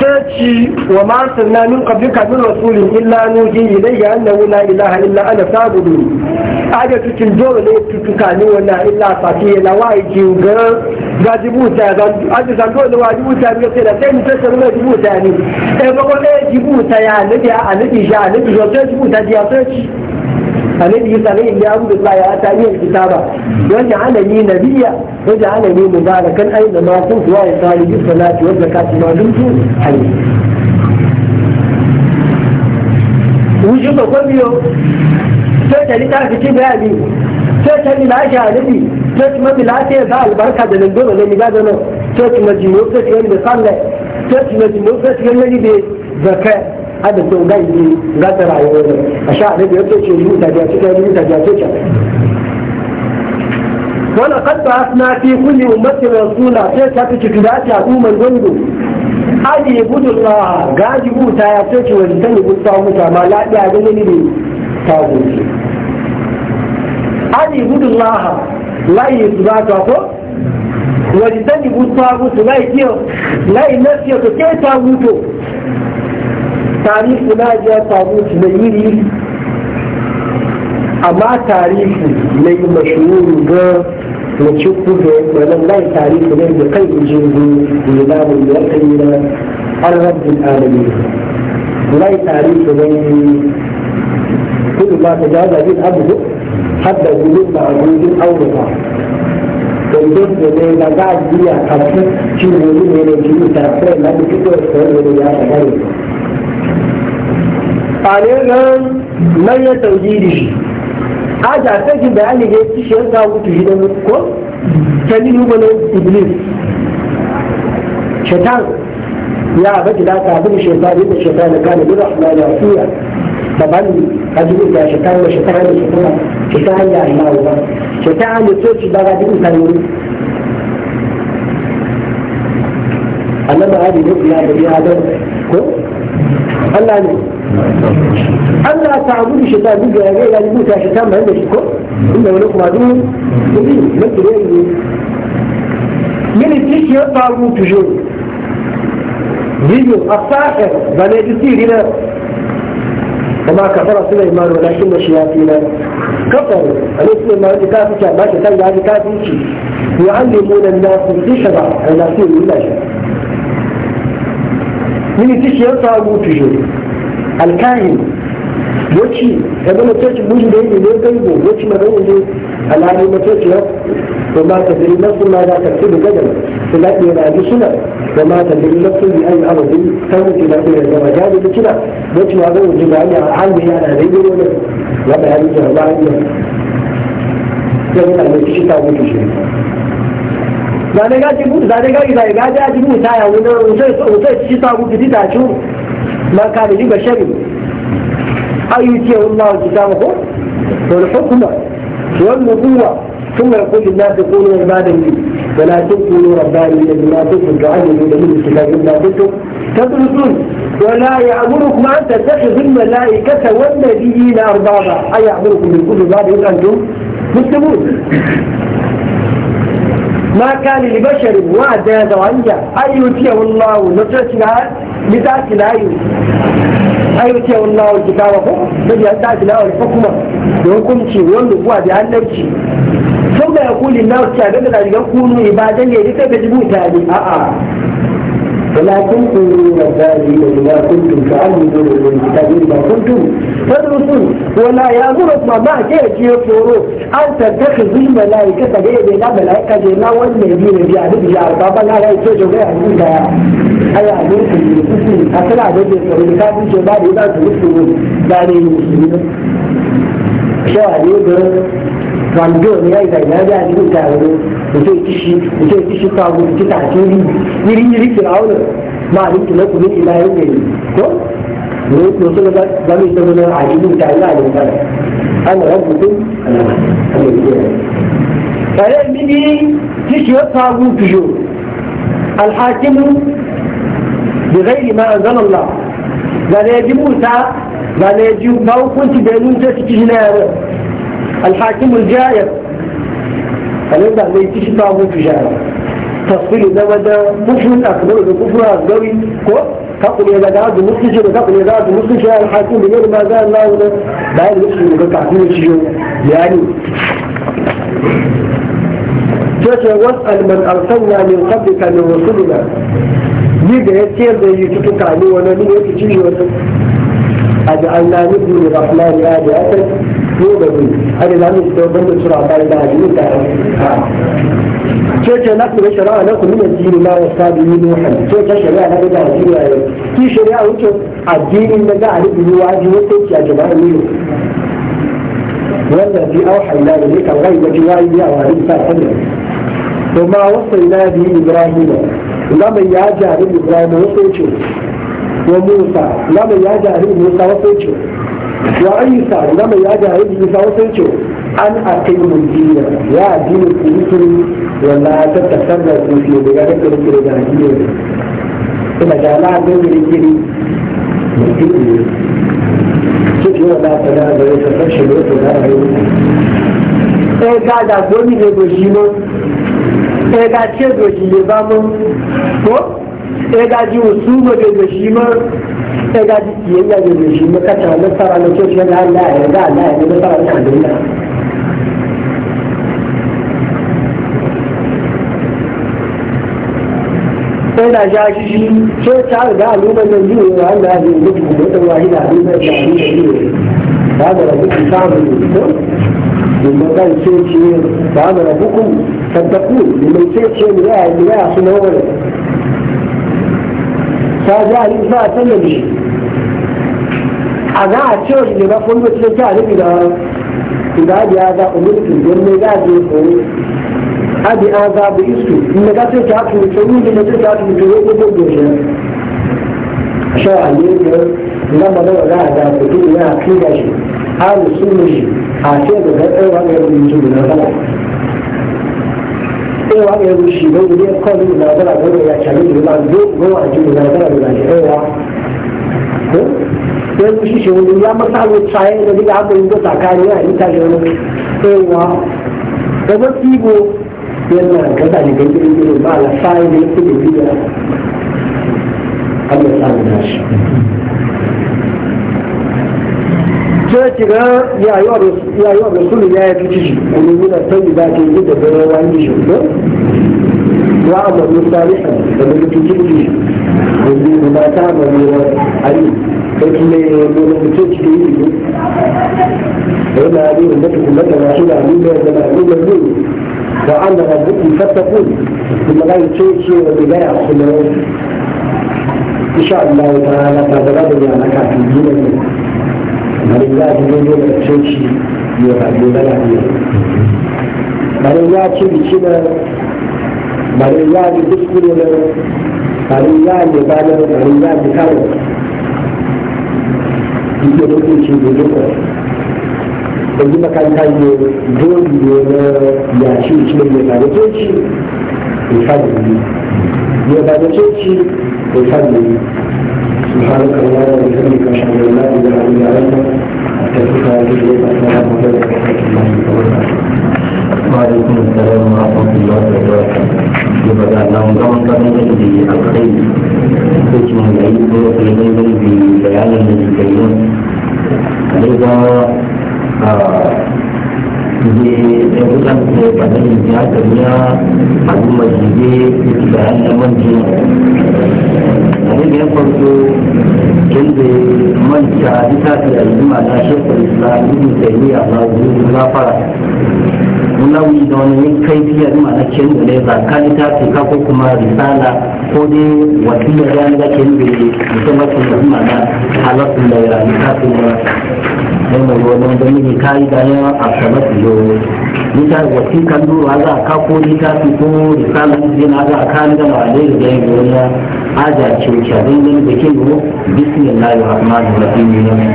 تأتي وما أرسلنا من قبلك من رسول إلا نوجي إليه أنه لا إله إلا أنا فاعبدوني أجا تتنجور لي تتكاني ولا إلا فاتيه لا وايجي وقال جبوتا أجا تنجور لي جبوتا بيقول سيني تسر ما جبوتا يعني إذا قلت جبوتا يعني نبي جبوتا جبوتا جبوتا annabi isa ne ya abu da ya ta yi kitaba wani alani nabiya wani alani mubarakan aina ma kun kuwa ya tsari bi salati wa zakati ma dun tu hali wuji ba ko biyo sai ta lita ki ci bayani sai ta lila shi alibi sai kuma bila sai ba albarka da nan dole ne ni ga da nan sai kuma jiyo sai da sallah sai kuma jiyo sai kuma ne da zakat hada to ga yi ga ta rayuwa ne a sha da yake ce mu ta ga cika mu ta ga cika wala ba ba'athna fi kulli ummatin rasula sai ta ci da ta umman gondo aji budu Allah gaji buta ya ce ce wani tani buta muta ma lafiya ga ne ne ta gobe aji budu la layi su ba ta ko wani tani buta mutu layi kiyo layi nasiya to ke ta muto تاريخ لا جاء طاووس ليري أما تاريخ لي مشهور ب وشوف كيف ولم لا تاريخ لي بقيد جنبي بنظام الوطن الرب العالمين لا تاريخ لي كل ما تجاوز هذه الأبد حتى جنوب معبود أو بقى ولكن هناك اشياء تتعلق بهذه الطريقه التي تتعلق بها fare nan nan ya tauhidi a da ta ji bayani ne shi ya ga wuce shi da ko kalilu bane iblis shaitan ya baki da ta abin shaitan da shaitan da kana bin rahman ya fiya daban ajin da shaitan da shaitan da shaitan shaitan ya ba shaitan ne to shi daga din kalmi annabi hadi ne ya da ya ko الله عليك ألا تعبد الشيطان بيجي يا جاي يعني بيقول الشيطان ما عنده شكر إلا ولكم عدوهم يبين ما تدري يعني من الشيخ يطلع أبوه تجوز بيجي الساحر بلا يجتير هنا وما كفر سليمان ولكن الشياطين كفر أليس ما عنده كافي كان ما كان يعني كافي يعلمون الناس الشبع على سبيل الله politician samu tuyo alkahin wacce daga mataci buji da yake ne gango wacce magana ne alhali mataci ya ko ma ta zai nasu ma za ta fi da gadan su na ɗaya rayu suna ko ma ta zai nasu ne ayi arzikin ta ki na ɗaya zama ya da kira wacce ma zai wuce ba ya hannu yana da yi wani ya bayani da ba ya yi ya yana da shi ta wuce shi zanega ti bu zanega ki zanega da ti bu ta ya wani wuce wuce ci ta ku ki ta ci ma ka ni ba shari ayyuti Allah kitabahu wal hukma wal nubuwa ثم يقول للناس كونوا عبادا لي ولا تكونوا الذي بما كنتم تعلمون من الكتاب بما كنتم تدرسون ولا يأمركم أن تتخذوا الملائكة والنبيين أربابا أي يأمركم من كل باب أنتم مسلمون ما كان لبشر وعد هذا وعنجا أن يؤتيه الله نصرة بتاعت العيو أن يؤتيه الله الكتابة بجي أن تأتي له الحكمة شيء والنبوة شيء ثم يقول الله تعالى لا يكون عبادا يلك بجبوتها آه،, آه ولكن كنتم من الظالمين بما كنتم تعلمون من الكتاب karatu fadrusu wala ya zura ma ba ke ji koro an tattaka zai malaika ta ga da na malaika je na wanda bi ne biya duk ya ba ba na rai ke jogai a duk da aya a duk da su a kana da ke tsoro ka bi ba da ina su su da ne musulmi shi a ne da wando ne ya da ya ga duk da ne kishi ka yiri yiri ma ko يوصل ده مش ده اللي عايزين بتاع الله عليه وسلم انا ربكم فلان تيجي يطلع وتجور الحاكم بغير ما انزل الله لا يجي موسى لا يجي ما كنت بينون تسجن الحاكم الجائر قال يبدا زي تيجي يطلع وتجور تصفيل ده وده كفر اكبر وكفر اصغر كفر قتل إذا جاد المسجد إذا قتل إذا جاد المسجد شو الحاكم بيقول ما ذا لا ولا بعد المسجد يقول تعطيه شيء يعني تجاوز من أرسلنا من قبلك من رسولنا يبقى يسير ذي تكون تعليه إيه ونبي يتجيه وسط أجعلنا نبني رحمن آدي أسد dole ne har da zamu fito banda sura ta da hadisi da ce ce na kuma shari'a na kuma ne jini ma ya sabi ni nuhan ce ce shari'a na da hadisi ya yi ki shari'a wuce addinin da ga hadisi ne wajibi ko ki a jama'a ne والذي أوحينا إليك الغيب جوائي وعليك الحمد وما وصينا به إبراهيم لما يجعل إبراهيم وصيته وموسى لما يجعل موسى وصيته wa ayyuka da mai yaji hari da isa wasu ce an a kai mun dina ya addinin kurutu wala ta tasarra ku fi da ga kake kire da addinin kuma da la da kire kire ce ce wala ta da ta da ya da ayu eh, ga da gomi da goshi mo eh ga ce ne ba mu ko ya gaji wasu wajen da shi ma ya gaji kiyayya da da shi ma kata nasara na kyau shi yana Allah ya ga Allah ya ga nasara na alhamdulillah sai da ja shi shi ce ta ga al'ummar da zuwa wa Allah ya yi gudu da wata wahida a duniya da abin da zuwa ba da rabu ku samu ne ko da kan ce ce ba da rabu ku tattaku ne mai ce ce ne ya yi ya su nawa ta ji a nisa a sallar shi a za a cewa shi ba kuma cikin ta nufi da guda biya da umurkin don ne za a je koyo abi an za isu ne ga sai ta tu to ni ne sai ta tu to ko ko ko ne sha ne ga nan ba da za a da ku ya kida shi har sun shi a ce da kai wani rubutu na kala ẹwà ẹrù ṣìlẹ̀ ilé ẹ̀kọ́ ní ìlàgbára na ìyàtàlẹ́ ìlú máa gbé gbọ́wà ba ìlàgbára ìlàjẹ́ wa. ẹrù ṣíṣe wọn ni yámọ́sáwó ta ẹ̀ lórí àbọ̀ ìgbọ́ tàkà ní àyíká yẹn ẹwà ẹgbẹ́ tí ibo yẹn náà gẹ́gà ní gbẹ́gbẹ́gbẹ́ máa la fáìlì ìpínlẹ̀ bíyà. coci ga yayuwa rasulu ya yi tuci shi kuma nuna sauyi da ke yi da bayan wani shi ko wa a mabu salihan da daga tuci shi yanzu da mata mabu wa ali ko kuma ne yi nuna mutum yi ne yana yi da mutum da ta rasu da nuna da na nuna nuna da an da rabbuku ne kuma ga yi coci wa bigaya ne. insha Allah ta'ala ta zaba da yana kafin yi ne bari za a ji dole da coci ya rabu na rabu bari za a biki na bari za a kuskure na bari za a ji bana bari za a kawo ike mutunci da dole yanzu makaranta ne dole ne na yashi shi ne ya rabu coci ya fadi ne ya rabu coci ya fadi ne وعلیکم السلام ورحمۃ اللہ وبرکاتہ یہ بتانا ہوں گا ان کا مہینے کچھ مہنگائی کو میں بھی بیان نہیں چاہیے یہ بدل گیا کبیاں مزید نمجیے yayin da ya farko inda manta littafi a yi na shekar islam ibn taymiya na wuri fara nauyi da wani yin kaifiya in ma'ana ke nuna ne ba ka littafi ka ko kuma risala ko dai wasiyar ya ni zake nuna ne ta su da ma'ana halattun da ya ta littafi ne mai wani da mini kayi da yawa a sabatu yau littafi kan nura za a kako littafi ko risala ni yana za a kayi da ma'ana da ya wani haja ce wuce don gani da ke yiwu bismillahi rahmanu rahim ne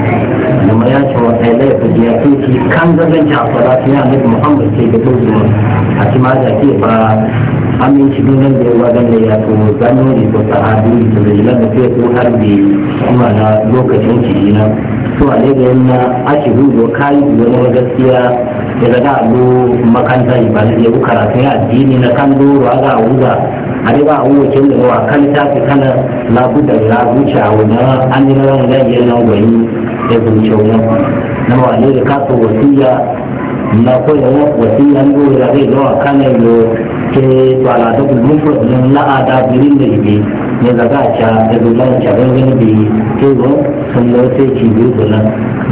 da ma ya ce wa tsaye da ya fi kan zagan jafara su yana nufi muhammad ke da gbogbo àti máa da yawa àmì ìṣubú náà lè wá lẹ́lẹ̀ a gánú ìtọ́ta àbí ìtọ́lẹ̀ yìí lọ́nà ko har hàbí kuma na lokacin ciki na to a daga yana ake rubo kayi wani gaskiya daga da abu makanta ba da yau karatu ya addini na kan doro a ga wuza a daga a wuce da wa kan ta fi kana labuda ya wuce a wani an yi rawan zai yi a gwani da zuce wani na wa da kasa wasiya na ko ya wa wasiya ngo ya re do akane lo ke wala do mufro na ada birin ne bi ne daga cha da dulan cha ga ne bi ke go sun lo sai ki bi dole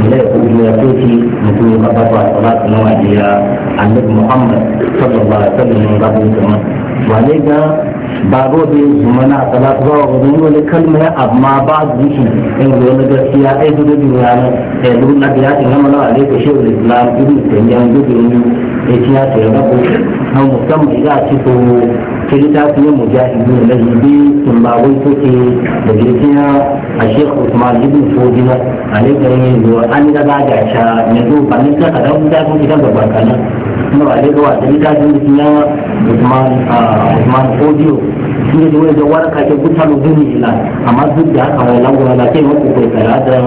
ne ko ya ko ki mutu ka ba ba salatu na wajiya annabi muhammad sallallahu alaihi wasallam ga kuma والے گا بابو دے منا طلاق ہوا اور غزنی وہ لکھل میں اب ماں باپ بھی سن ان دو نگر کیا اے دو دی دیوان اے دو نگر کیا انہوں نے علیہ کشی اور اسلام کی بھی سنجان جو دیوان اے کیا سیرنا پوچھے ہم مکم بھی گا اچھی تو في لتاكي مجاهدين مجيبي ثم ويتك بجيتنا الشيخ عثمان بن فوزنا عليه كريم وأن بعد عشاء نزول فلنسا قدام لتاكي كتاب بركانا kuma a daga wata littafin da suna Usman Usman Odio shi ne wani da warka ke gutar gumi ila amma duk da haka wani langura na kai wani kuka tsara da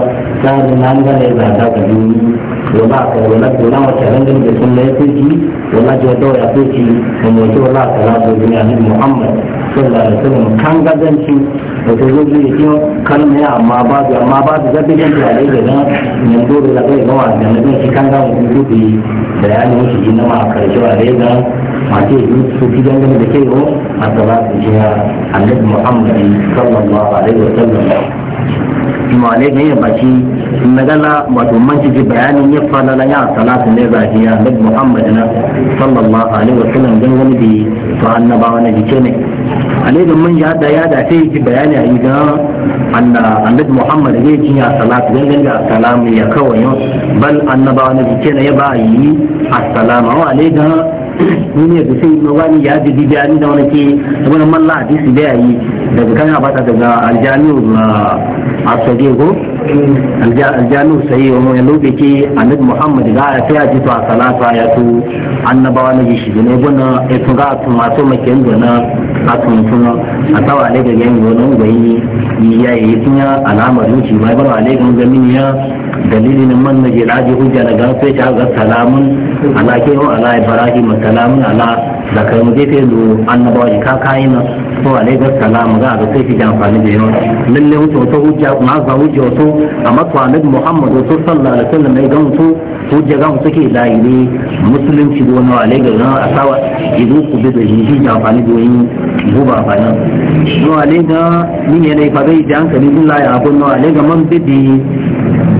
tsarin nan gane ga biyu. wala wala wala wata ranar da sun lai kirki wala ji wata waya kirki da mai wala salatu ni na muhammad sallallahu alaihi wasallam kan gadanci da ta zo da yake kalma ya amma ba da amma ba da zabi da ya da na mun dole da kai gawa da na shi kan ga mu dubi bayanin shi ina ma karshe wa da ga mace yi su fi dangane da kai a salatu jiya annabi muhammad sallallahu alaihi wasallam rahimu alaihi ne ya bashi nagala wato man ci bayanin ya fara la ya salatu ne zahiya nabi muhammad na sallallahu alaihi wa sallam dan wani bi to annabawa na jike ne alaihi mun ya da ya da sai ji bayani a ga annabi muhammad zai ci ya salatu dan ganga salamu ya kawai bal annabawa na jike ne ya ba yi assalamu alaihi ne da sai wani ya ji bijani da wani ke wani malla hadisi da yayi daga kan ya abata daga aljami'u asadi ah, ko aljami'u sai ya lobe ke annabi muhammad ga ya ta ji to a salatu ya to annabawa na ji shi ne gona e tun ga tun wato makin gona a tun tun a tawa ne ga yan gona ga yi yayi tun ya alamar shi bai bar alaikum ga min ya dalilin man na jelaji hujja na gan sai ta ga salamun ala kewa ala ibrahim salamun ala da kai mu je kai annabawa ji kai na ko alaihi salam ga ga sai ki amfani da yawa lalle wuce to hujja ma ga hujja to amma to annabi muhammad sallallahu alaihi wasallam ne gan mutu hujja ga mutu ke la ne musulunci da na alaihi ga asawa idu ku bi da hiji da amfani da ba guba na. no alaihi ga ni ne ne fa ga idan kalin la ya abun no alaihi ga man bi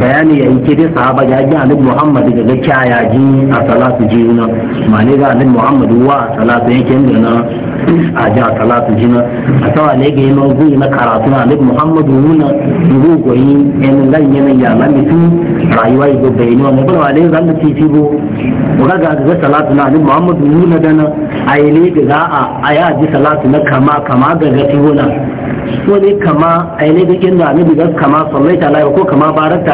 bayani ya yi kidin sahaba ya ji alin muhammadu da ga kyaya ji a salatu ji na ma ne ga alin muhammadu wa a salatu ya da na a ji a salatu ji na a tawa ne ga yi mazu na karatu na alin muhammadu nuna ngu goyi yan lan yana ya lamitu rayuwa yi gobe ne wani bala ne zan da titi bo ga ga ga salatu na alin muhammadu nuna da na a yi ne ga za a a ji salatu na kama kama ga ga tiwo na kama a yi ne ga kin da alin ga kama sallaita alaihi ko kama barakta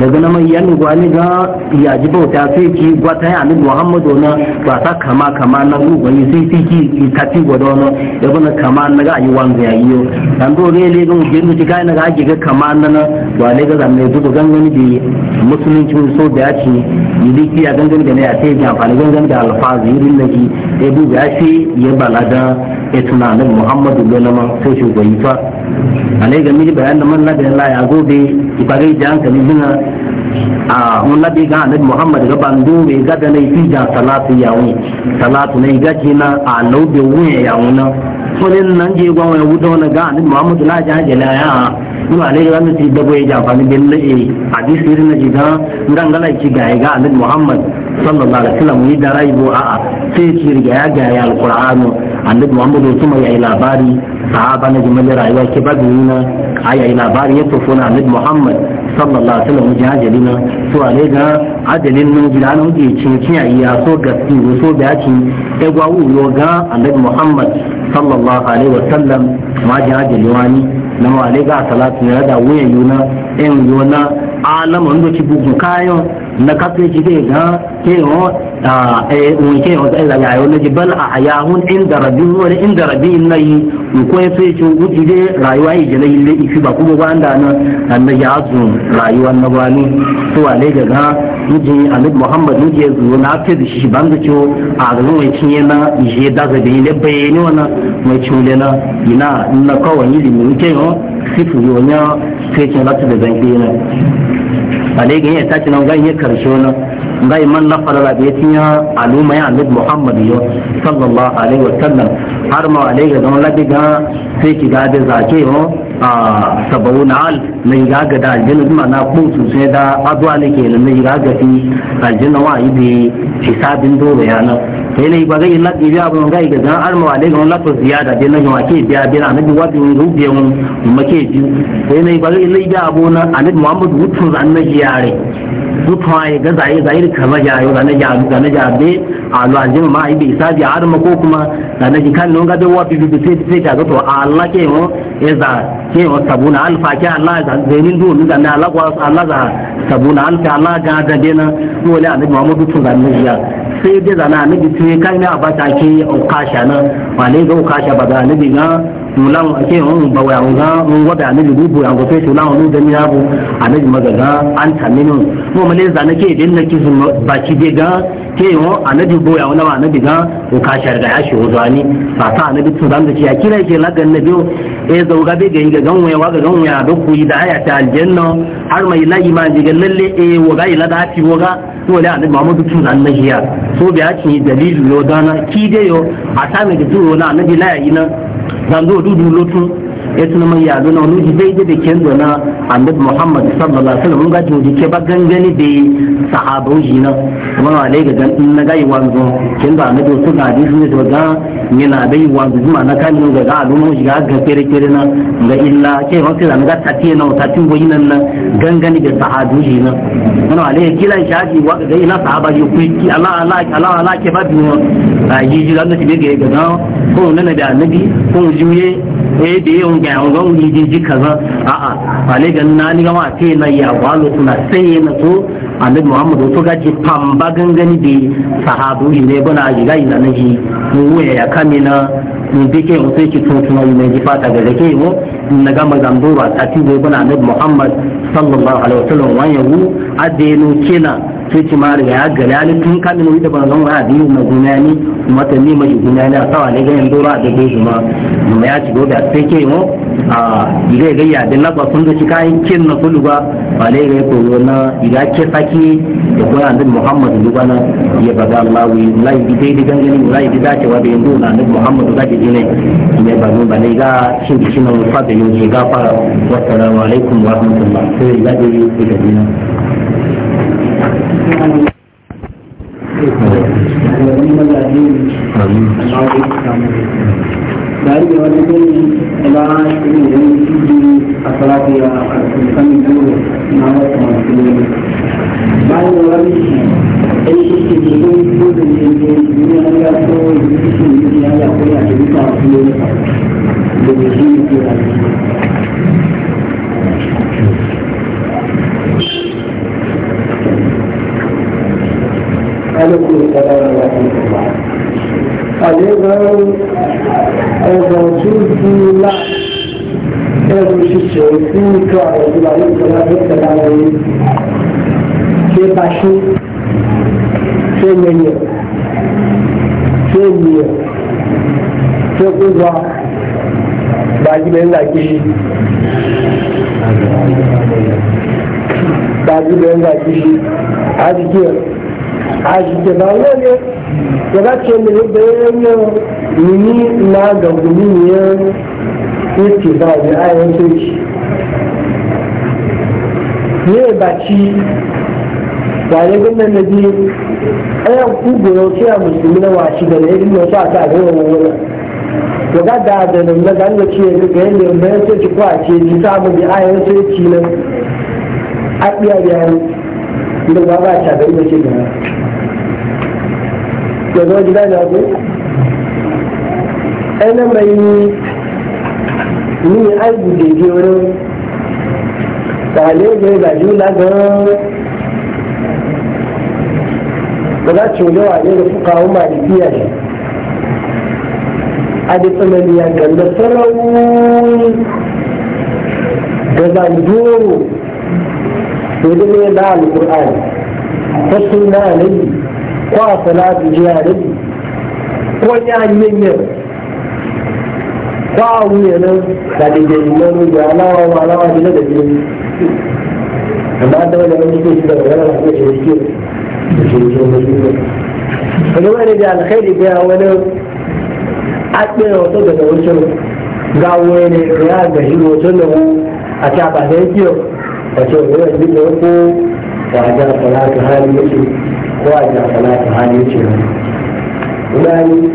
daga na mai yan gwani ga yaji bauta sai ki gwata ya ni muhammadu na ba sa kama kama na gwani sai sai ki kati gwada wani daga na kama na ga ayi wanzu ya yau dan do ne le nun bin ci kai ga ake ga kama na na ne ga zan mai zuba gangani bi musulunci so da ya ci miliki ya gangani da ne ya sai amfani gangani da alfazi irin na ki ya duba ya ce ya balaga ya tunanin muhammadu nama sai shi gwani a ne ga miji bayan da man na da ya gobe ki bare da hankali bina a mulabi ga annabi muhammad ga bandu me ga da nay fi ja salatu yawo salatu nay ga na a laube wuya yawo na fulin nan je gwan wani wuta wani ga annabi muhammad la ja ja la ya ina ne ga mutu da boye ja fa ni bin ne a disiri na jiga ngangala ki ga ga annabi muhammad sallallahu alaihi wasallam ni da raibo a a sai ki riga ya ga ya alqur'ani annabi muhammad ya kuma yayi labari sahaba na jimalin rayuwa ke ba duniya a yayi labari ya tafi na annabi muhammad sallallahu alaihi wasallam ya ajali na to ale ga ajalin nan gida na wuce ce ce yayi ya so gaski ne so da yaki ya gwa wuyo ga annabi muhammad sallallahu alaihi wasallam ma ji ajali wani na ma ale ga salatu ne da wuyan yuna en yuna alaman da ki bugun kayan na kafe ci zai ga kewa a wani kewa zai zaga yau na ji bal a ayahun inda rabi wani inda rabi na yi ko ya fi ci wuce dai rayuwa yi jina yi ifi ba kuma ba da na na ya zu rayuwa na bani to wale ga ga miji alif muhammad miji ya zo na fi da shi ban da ciwo a garin mai cinye na je da zabe ne bayani wani mai cinye na ina na kawai ilimin kewa sifu yonya sai ce lati da zan kewa bale ga yin tace nan ga karsho nan bai man na farara da tinya aluma ya annabi Muhammad yo sallallahu alaihi wasallam har ma alaihi ga wannan labi ga sai ki ga da zake yo a sabawun al na yi gaga da aljanna kuma na kun sosai da azuwa ne ke na yi wa yi da hisabin yi ba biya ba ga ga zan wa daga wani lafa ziyada da nan yawa ke biya biya na bi wabi wani rubiya wani make biyu ta yi ba zai yi biya abu na anabi muhammadu mutum zan na jiyare mutum ya ga zaye zaye da kama jayo zan na jabe a lo aljanna ma a yi da hisabi a arma ko kuma sana ji kan nonga be wa bibi sai sai ta to Allah ke ho eza ke ho sabuna alfa ke Allah za zenin du ni zanna Allah wa Allah za sabuna alfa Allah ga da dena dole annabi Muhammadu tun zanna ya sai dai zanna annabi sai kai ba ta ke kasha na wale ga ukasha ba ga annabi ga tulan ake yin ba wa yanga mun wada annabi dubu ya yawon sai tulan mun dan ya bu annabi magaga an taminu mu male za nake din nake sun baki be ga ke yo annabi bo ya wala annabi gan o ka shar da ya shi ni ba ta annabi tun dan da ya kira ke lagan na nabi e eh, zau ga be ga ga waya wa ga ga waya da ku da aya ta aljanna har mai la iman diga lalle e eh, wa ga ila da ti wa ga to da annabi Muhammadu tun dan nahiya so biya ci dalilu yo dana ki de yo a ta me da turo na annabi la yi ina zango dúdú ló tún. yatuna mai yadu na wani daidai da ke na annabi muhammad sallallahu alaihi wasallam ga jin jike ba gangani da sahabu ji na kuma na lai ga na gai wanzu kin da annabi su ga hadisi ne da ga ni na dai wanzu kuma na kan ga ga alumu shi ga ga kere kere na ga illa ke wasu da ga tati na ta tin boyi nan na gangani da sahabu ji na kuma lai kila shaji wa ga ina sahaba ji ku ki Allah Allah Allah Allah ke ba biyu a yi ji da ne ga ga ko na da annabi ko juye he da yawan ga yawan ga wuri jiji kaza a'a a ne ga na ni gama ce na ya balo suna sai na so annabi muhammadu su ga ji famba gangani da sahabu shi ne bana ji ga na ji mu wuya ya kame na mu bi ke mu sai ki to mu fata ga da ke mu na gama zambura ta zai bana annabi muhammad sallallahu alaihi wasallam wa yahu nuke na sai ci mara ya galali tun kamin wani da banzan wani abin na ne kuma ta nima shi ne a sawa ne ganin dora da gai ma kuma ya ci gobe sai ke mo a zai gai yadda dalla ba sun zaci kayan kin na kulu ba ba lai gai koyo na ya ke saki da kuma annabi muhammadu duba na ya baga allahu la yi dai da gangani la yi cewa da yanzu na annabi muhammadu zaki ji ne ya ba mun ba ne ga da shi na musa da yau ga fara wassalamu alaikum wa rahmatullah sai ya dai da dina dari orang itu adalah ini yang di asal dia akan kami dulu nama teman ini. Baik orang ini ini itu itu ini ini ini ada tu ini ini ada tu yang kita perlu. Jadi ini خلقه كلام رحمه الله àlébàáwò ẹ̀bọ̀ tó ti lá ẹ̀bọ̀ ṣiṣẹ́ sí ìtọ́ àwọn ìjọba yóò tẹ̀lé àbẹ́tẹ̀lá wọ̀nyí ṣé bá ṣe ṣé mẹ́yẹ̀ ṣé mẹ́yẹ̀ ṣé gbogbo gbajúmẹ̀ ńlá kiri gbajúmẹ̀ ńlá kiri àdìgbẹ́. àṣìṣẹ́bà wọ́n lé yàrá tí omi ló bẹ̀rẹ̀ náà ní ní máa gàgbọ́n ya ìyẹn ba tìbà ọ̀dẹ̀ àyẹ̀wò tó yìí. ní ìbàtí wàyé gómìnà na biyu ɗayan kugoro kira musulmi na washi da ya rino sa ta ga wani wani to ga da da nan na ganga ce ga ga da mai sai ki ko a ce ji ta mu bi ayan sai ki nan a biya biya da ba ba ta ga ce ga da zuwa gida na ku ana mai ni an Da ke wurin ɗalibai ga jula ga ba za ci wani wane da fuka wa malikiya shi a da tsanani ya ganda sarari da zandoro da zai da alƙur'ani ta suna alayi kwa salatu jihadi ko ya nyinye kwa wuye nan da dide nan da alawa wa alawa da da dide amma da wani wani ke shi da wani wani ke shi da shi ke shi kuma wani da alkhairi ga wani a tsere wato daga wancan ga wani ya ga shi wato da a ta ba da yake a ce wani da ko wa da salatu hali yake واجه ثلاثة هذه الجهة ولاني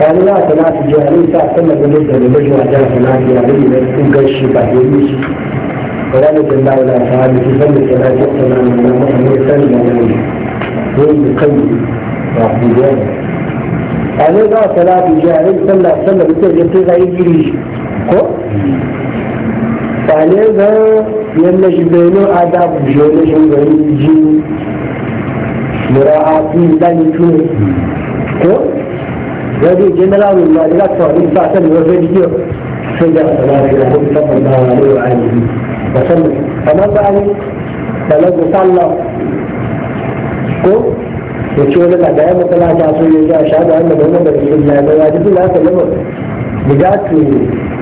قالوا لا ثلاثة جهة ليس أتم بالنسبة للمجموعة جهة ثلاثة يعني يكون قد شيء بعد يميش ولم يكن لا ولا فعل في فن ثلاثة وقتنا من المحمد سلم يعني يوم القيم وعبد الله قالوا لا ثلاثة جهة ليس سلم بالنسبه للمجموعه يبتغى يجريش ko tare ga yadda shi bai nun adabu shi wani shi mura'atin dan tuni ko yadda general na da ta wani ba san da wani bidiyo sai da sallallahu alaihi wa alihi wa sallam amma ba ni sallallahu sallallahu ko ya ce wani daga yamma tana ta so ya ji a shaɗa wanda da wanda da ya ji na ta yamma da